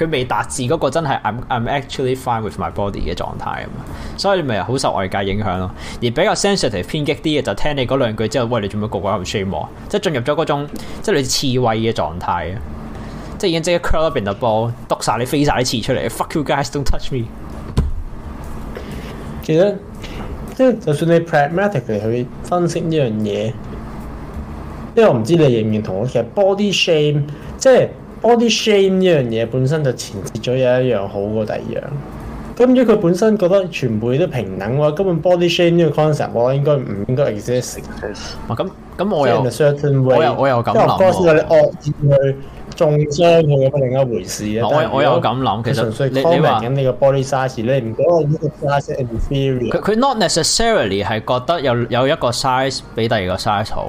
佢未達至嗰個真係 I'm I'm actually fine with my body 嘅狀態啊嘛，所以咪好受外界影響咯。而比較 sensitive 偏激啲嘅就聽你嗰兩句之後，喂，你做咩個個都 shame 我？Shame 啊、即係進入咗嗰種即係你刺蝟嘅狀態啊！即係已經即刻 curl up in the ball，篤曬你飛曬啲刺出嚟。Fuck you guys, don't touch me。其實即係就算你 pragmatically 去分析呢樣嘢，因為我唔知你認唔認同我，其實 body shame 即係。body shame 呢樣嘢本身就前置咗有一樣好過第二樣，咁因為佢本身覺得全部都平等嘅話，根本 body shame 呢個 concept 我應該唔應該 exist？唔係咁，咁我又我有咁諗。因為多你惡意去中傷，係另一回事啊！我我又咁諗，其實粹你你話緊，你個 body size 你唔覺得呢個 size inferior？佢佢 not necessarily 係覺得有有一個 size 比第二個 size 好。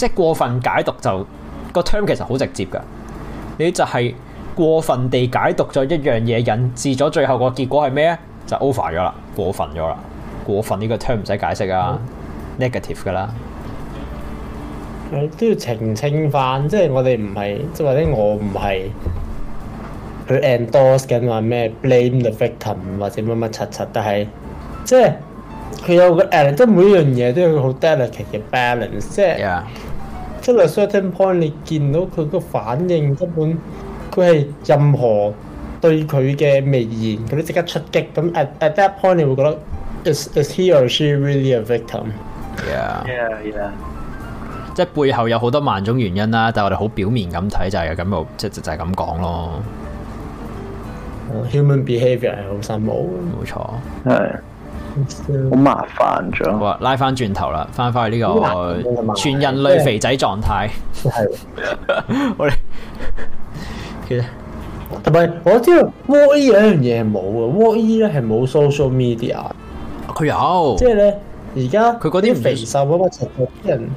即係過分解讀就個 term 其實好直接噶，你就係過分地解讀咗一樣嘢，引致咗最後個結果係咩咧？就 over 咗啦，過分咗啦，過分呢個 term 唔使解釋啊、嗯、，negative 噶啦。係都要澄清翻，即係我哋唔係，即係或者我唔係去 endorse 緊話咩 blame the victim 或者乜乜柒柒，但係即係佢有個誒，即係每樣嘢都有個好 delicate 嘅 balance，即係。Yeah. 因為、so、certain point 你見到佢個反應，根本佢係任何對佢嘅微言，佢都即刻出擊。咁 at at that point 你會覺得 is is he or she really a victim？係啊，係啊，係啊，即係背後有好多萬種原因啦。但係我哋好表面咁睇就係咁，就即、係、係就係咁講咯。Human behavior 係好深奧，冇錯，係。 好麻煩咗。哇，拉翻轉頭啦，翻翻去呢個全人類肥仔狀態。係的，我哋其實，唔係 我知道，Wall-E 呢樣嘢冇嘅。Wall-E 咧係冇 social media，佢有。即係咧，而家佢嗰啲肥瘦嗰個情況，啲人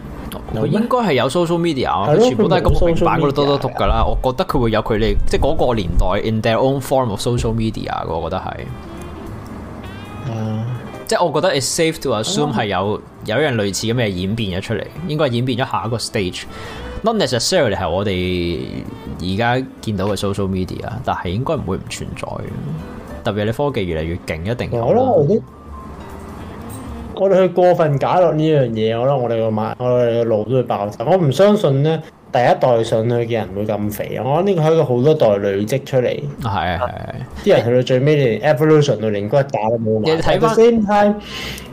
佢應該係有 social media，佢全部都係咁平板度多多讀噶啦。的我覺得佢會有佢哋，即係嗰個年代 in their own form of social media。我覺得係。即係我覺得 it's safe to assume 係、嗯、有有一樣類似咁嘅演變咗出嚟，應該演變咗下一個 stage。Not necessarily 係我哋而家見到嘅 social media 啊，但係應該唔會唔存在嘅。特別你科技越嚟越勁，一定有咯。我哋去過分解落呢樣嘢，我諗我哋個麥，我哋嘅路都會爆炸。我唔相信咧，第一代上去嘅人會咁肥啊！我諗呢個係一個好多代累積出嚟，係啊係啊，啲是的 人去到最尾啲 evolution 度連骨架都冇埋。你睇 same time。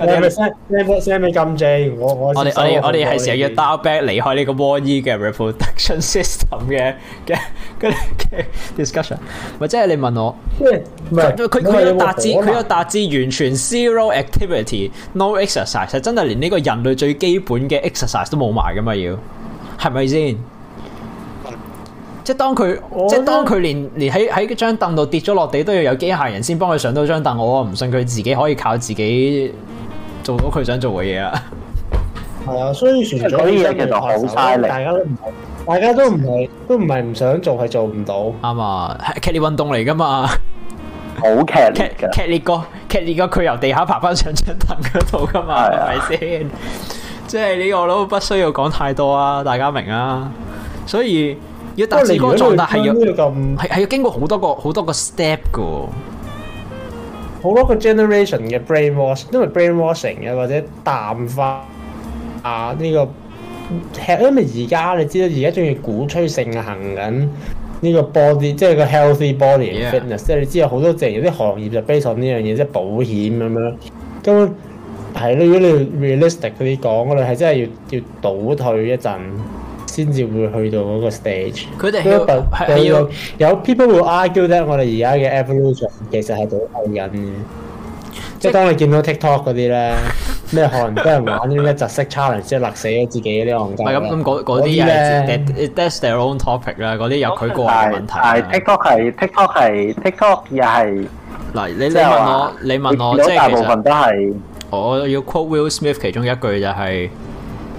你係咪聲聲聲咪咁靜？我我我哋我哋我哋係成日要 double back 離開呢個 Wall-E 嘅 reproduction system 嘅嘅 discussion。或者即係你問我，佢佢有達至佢有，有達至完全 zero activity，no exercise，其實真係連呢個人類最基本嘅 exercise 都冇埋噶嘛？要係咪先？是是呢即係當佢即係當佢連連喺喺張凳度跌咗落地都要有機械人先幫佢上到張凳，我唔信佢自己可以靠自己。做到佢想做嘅嘢啊！係啊，所以除咗啲嘢，其實好差力，大家都唔係，大家都唔係，都唔係唔想做，係做唔到，啱啊，係劇烈運動嚟噶嘛，好劇烈，劇烈，劇烈個劇烈個佢由地下爬翻上張凳嗰度噶嘛，係咪先？即係呢個都不需要講太多啊！大家明啊！所以要達至嗰個狀態係要係係要經過好多個好多個 step 噶。好多個 generation 嘅 brainwash，因為 brainwashing 啊或者淡化啊呢個，係因為而家你知道，而家仲要鼓吹盛行緊呢個 body，即係個 healthy body fitness。即係你知道好多淨有啲行業就 base on 呢樣嘢，即係保險咁樣。咁係如果你 realistic 嗰啲講，我哋係真係要要倒退一陣，先至會去到嗰個 stage。佢哋係係要有 people 會 argue 咧，我哋而家嘅 evolution 其實係好後癮嘅。即係當你見到 TikTok 嗰啲咧，咩韓多人玩呢啲窒息 challenge，即係勒死咗自己呢行。係咁咁，嗰嗰啲咧，that's their own topic 啦。嗰啲有佢個人問題。係 TikTok 係 TikTok 係 TikTok 又係。嗱，你你問我，你問我，即係其實大部分都係。我要 quote Will Smith 其中一句就係。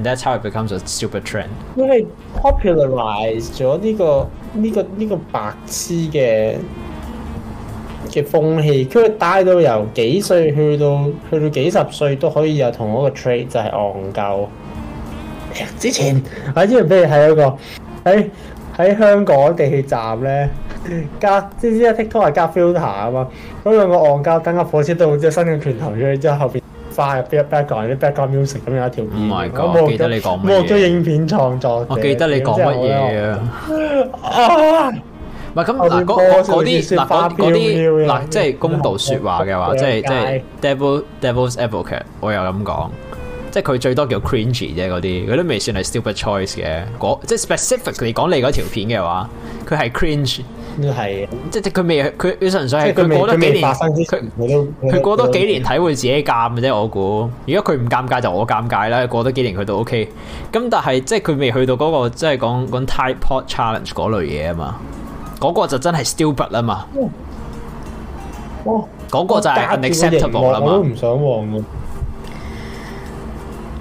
佢係 popularize 咗呢個呢、這個呢、這個白痴嘅嘅風氣，佢係帶到由幾歲去到去到幾十歲都可以有同一個 trade 就係戇鳩。之前我之前俾如喺一個喺喺香港地鐵站咧加，即唔知，知唔知啊？TikTok 係加 filter 啊嘛，嗰兩個戇鳩等架火車到之後伸個拳頭出去之後後邊。花入啲 background，啲 background music 咁有一條，唔係噶，我記得你講乜嘢？我做影片創作，我記得你講乜嘢啊？唔係咁嗱，嗰嗰嗰啲嗱嗰嗰啲嗱，即係公道説話嘅話，即係即係 devil devil's advocate，我又咁講，即係佢最多叫 cringe 啫，嗰啲佢都未算係 stupid choice 嘅，嗰即係 specifically 講你嗰條片嘅話，佢係 cringe。都係，即係佢未，佢佢純粹係佢過多幾年，佢佢過多幾年睇會自己尷嘅啫。我估，如果佢唔尷尬就我尷尬啦。過多幾年佢都 OK。咁但係即係佢未去到嗰個，即係講講 Tide Pod Challenge 嗰類嘢啊嘛。嗰個就真係 Stupid 啊嘛。哦哦，嗰個就係 Unacceptable 啦嘛。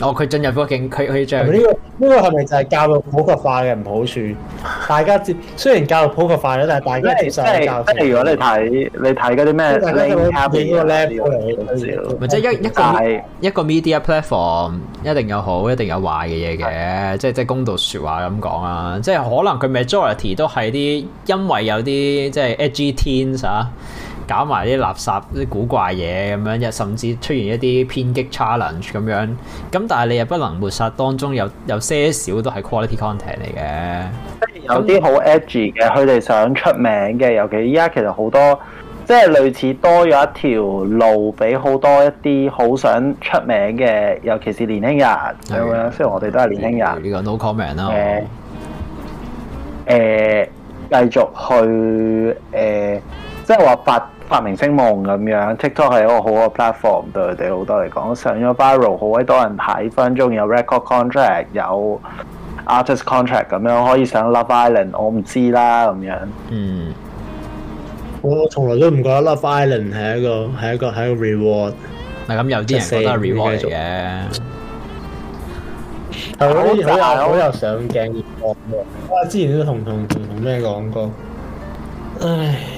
哦，佢進入嗰個境，佢佢進入。呢、這個呢、這個係咪就係教育普及化嘅唔好處？大家接雖然教育普及化啦，但係大家其受嘅教育。即係 如果你睇你睇嗰啲咩 link 嘅嘢，唔係即係一一個係一個,是個 media platform 一定有好一定有壞嘅嘢嘅，即係即係公道説話咁講啊！即係可能佢 majority 都係啲因為有啲即係 edgy teens 啊。搞埋啲垃圾、啲古怪嘢咁樣，又甚至出現一啲偏激 challenge 咁樣。咁但係你又不能抹殺當中有有些少都係 quality content 嚟嘅。有啲好 edgy 嘅，佢哋想出名嘅。尤其依家其實好多，即係類似多咗一條路俾好多一啲好想出名嘅，尤其是年輕人係啊。雖然係啊，我哋都係年輕人。呢個 no comment 咯。誒我、呃呃，繼續去誒、呃，即係話發發明星夢咁樣，TikTok 係一個好嘅 platform 對佢哋好多嚟講，上咗 viral 好鬼多人睇，分鐘有 record contract，有 artist contract 咁樣，可以上 Love Island，我唔知啦咁樣。嗯，我從來都唔覺得 Love Island 係一個係一個係一個 reward。嗱，咁有啲人覺得 reward 嚟嘅，係好有好 有上鏡嘅廣告。我之前都同同同咩講過，唉。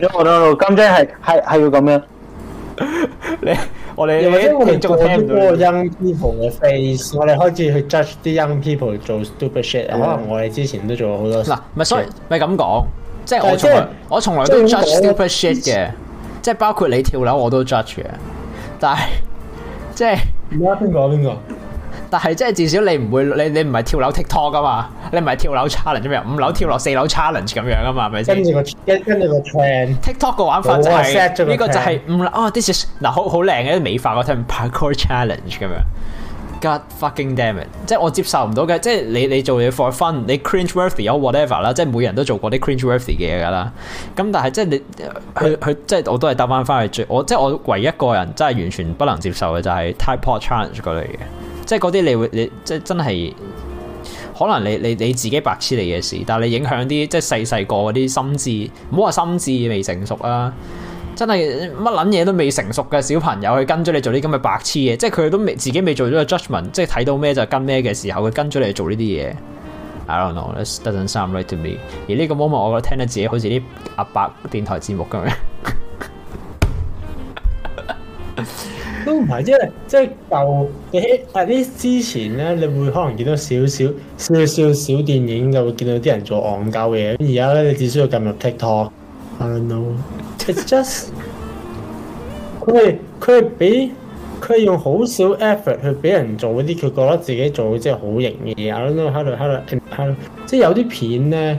因為我老金姐係係係要咁樣， 你， 你，你我哋我哋仲聽到 young people 嘅 face，我哋開始去 judge 啲 young people 做 stupid shit，Yeah. 可能我哋之前都做咗好多。嗱、啊，唔係所以唔係咁講，即係我從、就是、我從來都 judge stupid shit 嘅，即係包括你跳樓我都 judge 嘅，但係即係而家邊個邊個？誰但係即係至少你唔會，你你唔係跳樓 TikTok 噶嘛？你唔係跳樓 challenge 啫嘛？五樓跳落四樓 challenge 咁樣啊嘛？係咪先？跟住個跟住個 trend，TikTok 個玩法就係、是、呢我個就係唔啊，this is 嗱、啊、好好靚嘅美化嗰種 Parkour challenge 咁樣，God fucking damn it，即係我接受唔到嘅，即係你你做嘢 for fun，你 cringe worthy，or whatever 啦，即係每人都做過啲 cringe worthy 嘅嘢啦。咁但係即係你佢，佢，即係我都係搭翻翻去我即係我唯一個人真係完全不能接受嘅就係 Tide Pod challenge 嗰類嘅。即係嗰啲你會你，你即係真係可能你你你自己白痴你嘅事，但係你影響啲即係細細個嗰啲心智，唔好話心智未成熟啊！真係乜撚嘢都未成熟嘅小朋友去跟咗你做啲咁嘅白痴嘢，即係佢都未自己未做咗個 judgment，即係睇到咩就跟咩嘅時候，佢跟咗你做呢啲嘢。I don't know。doesn't sound right to me。而呢個 moment，我覺得聽得自己好似啲阿伯電台節目咁樣。都唔係，即係即係舊啲，係啲之前咧，你會可能見到少少少少小電影，就會見到啲人做戇鳩嘅嘢。咁而家咧，你只需要撳入 TikTok，I don't know，it's just 佢係佢係俾佢係用好少 effort 去俾人做嗰啲，佢覺得自己做即係好型嘅嘢。I don't know，hello hello，係即係有啲片咧。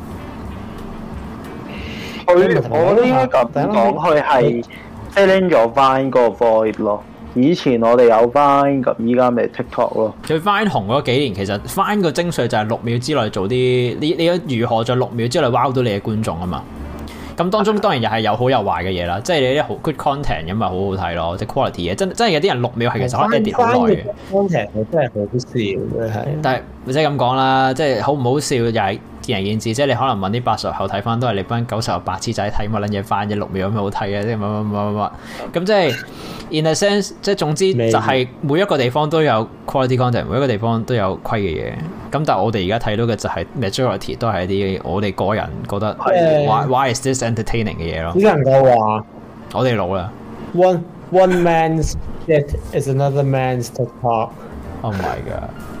我都應該咁講，佢係係咗 Vine 個 project 咯。以前我哋有 Vine，咁依家咪 TikTok 咯。佢 Vine 紅嗰幾年，其實 Vine 個精髓就係六秒之內做啲你呢，你如何在六秒之內 w、wow、到你嘅觀眾啊嘛。咁當中當然又係有好有壞嘅嘢啦。即係你啲好 good content 咁咪好好睇咯，即 quality 嘢。真的真係有啲人六秒係其實好耐嘅。content 我真係好笑嘅係，但係咪即係咁講啦，即係好唔好笑就係。又是人見人智，即係你可能問啲八十後睇翻，都係你班九十後白痴仔睇，冇撚嘢翻嘅六秒有咩好睇嘅？啊，即係乜乜乜乜乜。咁即係 in a sense，即係總之就係每一個地方都有 quality content，每一個地方都有虧嘅嘢。咁但係我哋而家睇到嘅就係 majority 都係一啲我哋個人覺得、uh, why why is this entertaining 嘅嘢咯。只能夠話我哋老啦。One one man's shit is another man's talk o。Oh my god。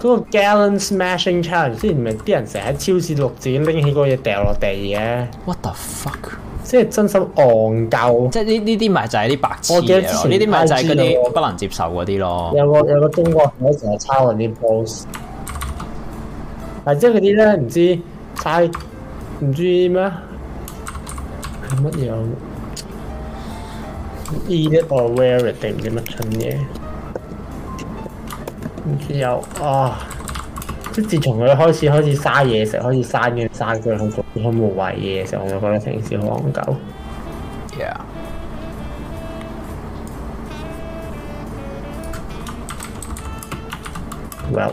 嗰個 Gallon Smashing Challenge 之前唔係啲人成日喺超市錄自己拎起個嘢掉落地嘅。What the fuck！即係真心戇鳩。即係呢呢啲咪就係啲白痴嘢咯，呢啲咪就係嗰啲不能接受嗰啲咯有。有個有個中國人成日抄佢啲 post。係即係嗰啲咧，唔知猜，唔知咩，係乜嘢？Eat it or wear it，定唔知乜蠢嘢？唔知有啊！即係自從佢開始開始嘥嘢食，開始嘥嘅嘥佢好無謂嘢嘅時候，我就覺得成件事好憨鳩。yeah。well.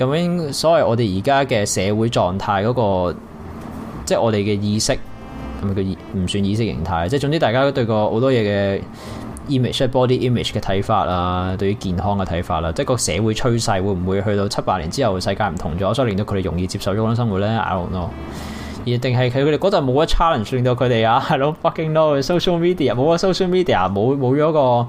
咁樣，所謂我哋而家嘅社會狀態嗰個，即係我哋嘅意識，咁啊佢唔算意識形態，即係總之大家都對過好多嘢嘅 image、body image 嘅睇法啦，對於健康嘅睇法啦，即係個社會趨勢會唔會去到七八年之後世界唔同咗，所以令到佢哋容易接受咗嗰種生活咧？I don't know，而定係佢哋嗰陣冇乜 challenge 令到佢哋啊？I don't fucking know。Social media 冇咗 social media 冇冇咗個。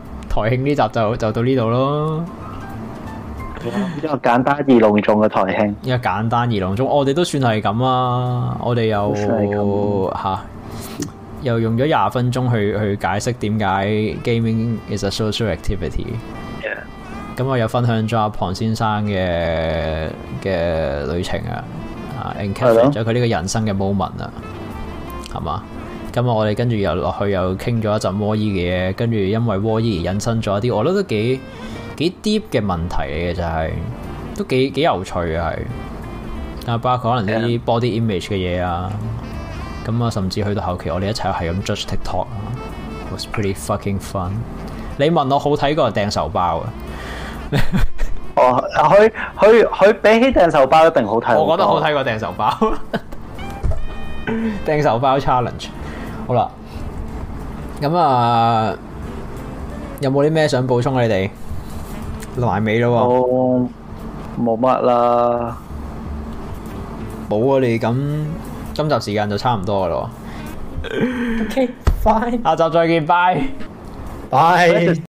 台慶呢集就就到呢度咯，一個簡單而隆重嘅台慶，一個簡單而隆重，哦、我哋都算係咁啦。我哋吓、啊，又用咗廿分鐘去去解釋點解 gaming is a social activity。咁 Yeah.、嗯、我又分享咗阿龐先生嘅嘅旅程啊，Yeah. 啊 encapsulate 咗佢呢個人生嘅 moment 啊，係嘛？咁啊，我哋跟住又落去又傾咗一陣 Wall-E 嘅嘢，跟住因為 Wall-E 而引申咗一啲我覺得幾幾 deep 嘅問題嚟嘅，就係、是、都幾幾有趣啊！係，包括可能啲 body image 嘅嘢啊，咁啊，甚至去到後期，我哋一齊係咁 judge TikTok，was pretty fucking fun。你問我好睇過掟手包啊？ 哦，佢佢佢比起掟手包一定好睇，我覺得好睇過掟手包。掟 手包 challenge。好啦，咁啊，有冇啲咩想補充啊？你哋埋尾咯，冇乜啦，冇啊！你咁今集時間就差唔多噶咯，OK，拜，下集再見，拜拜。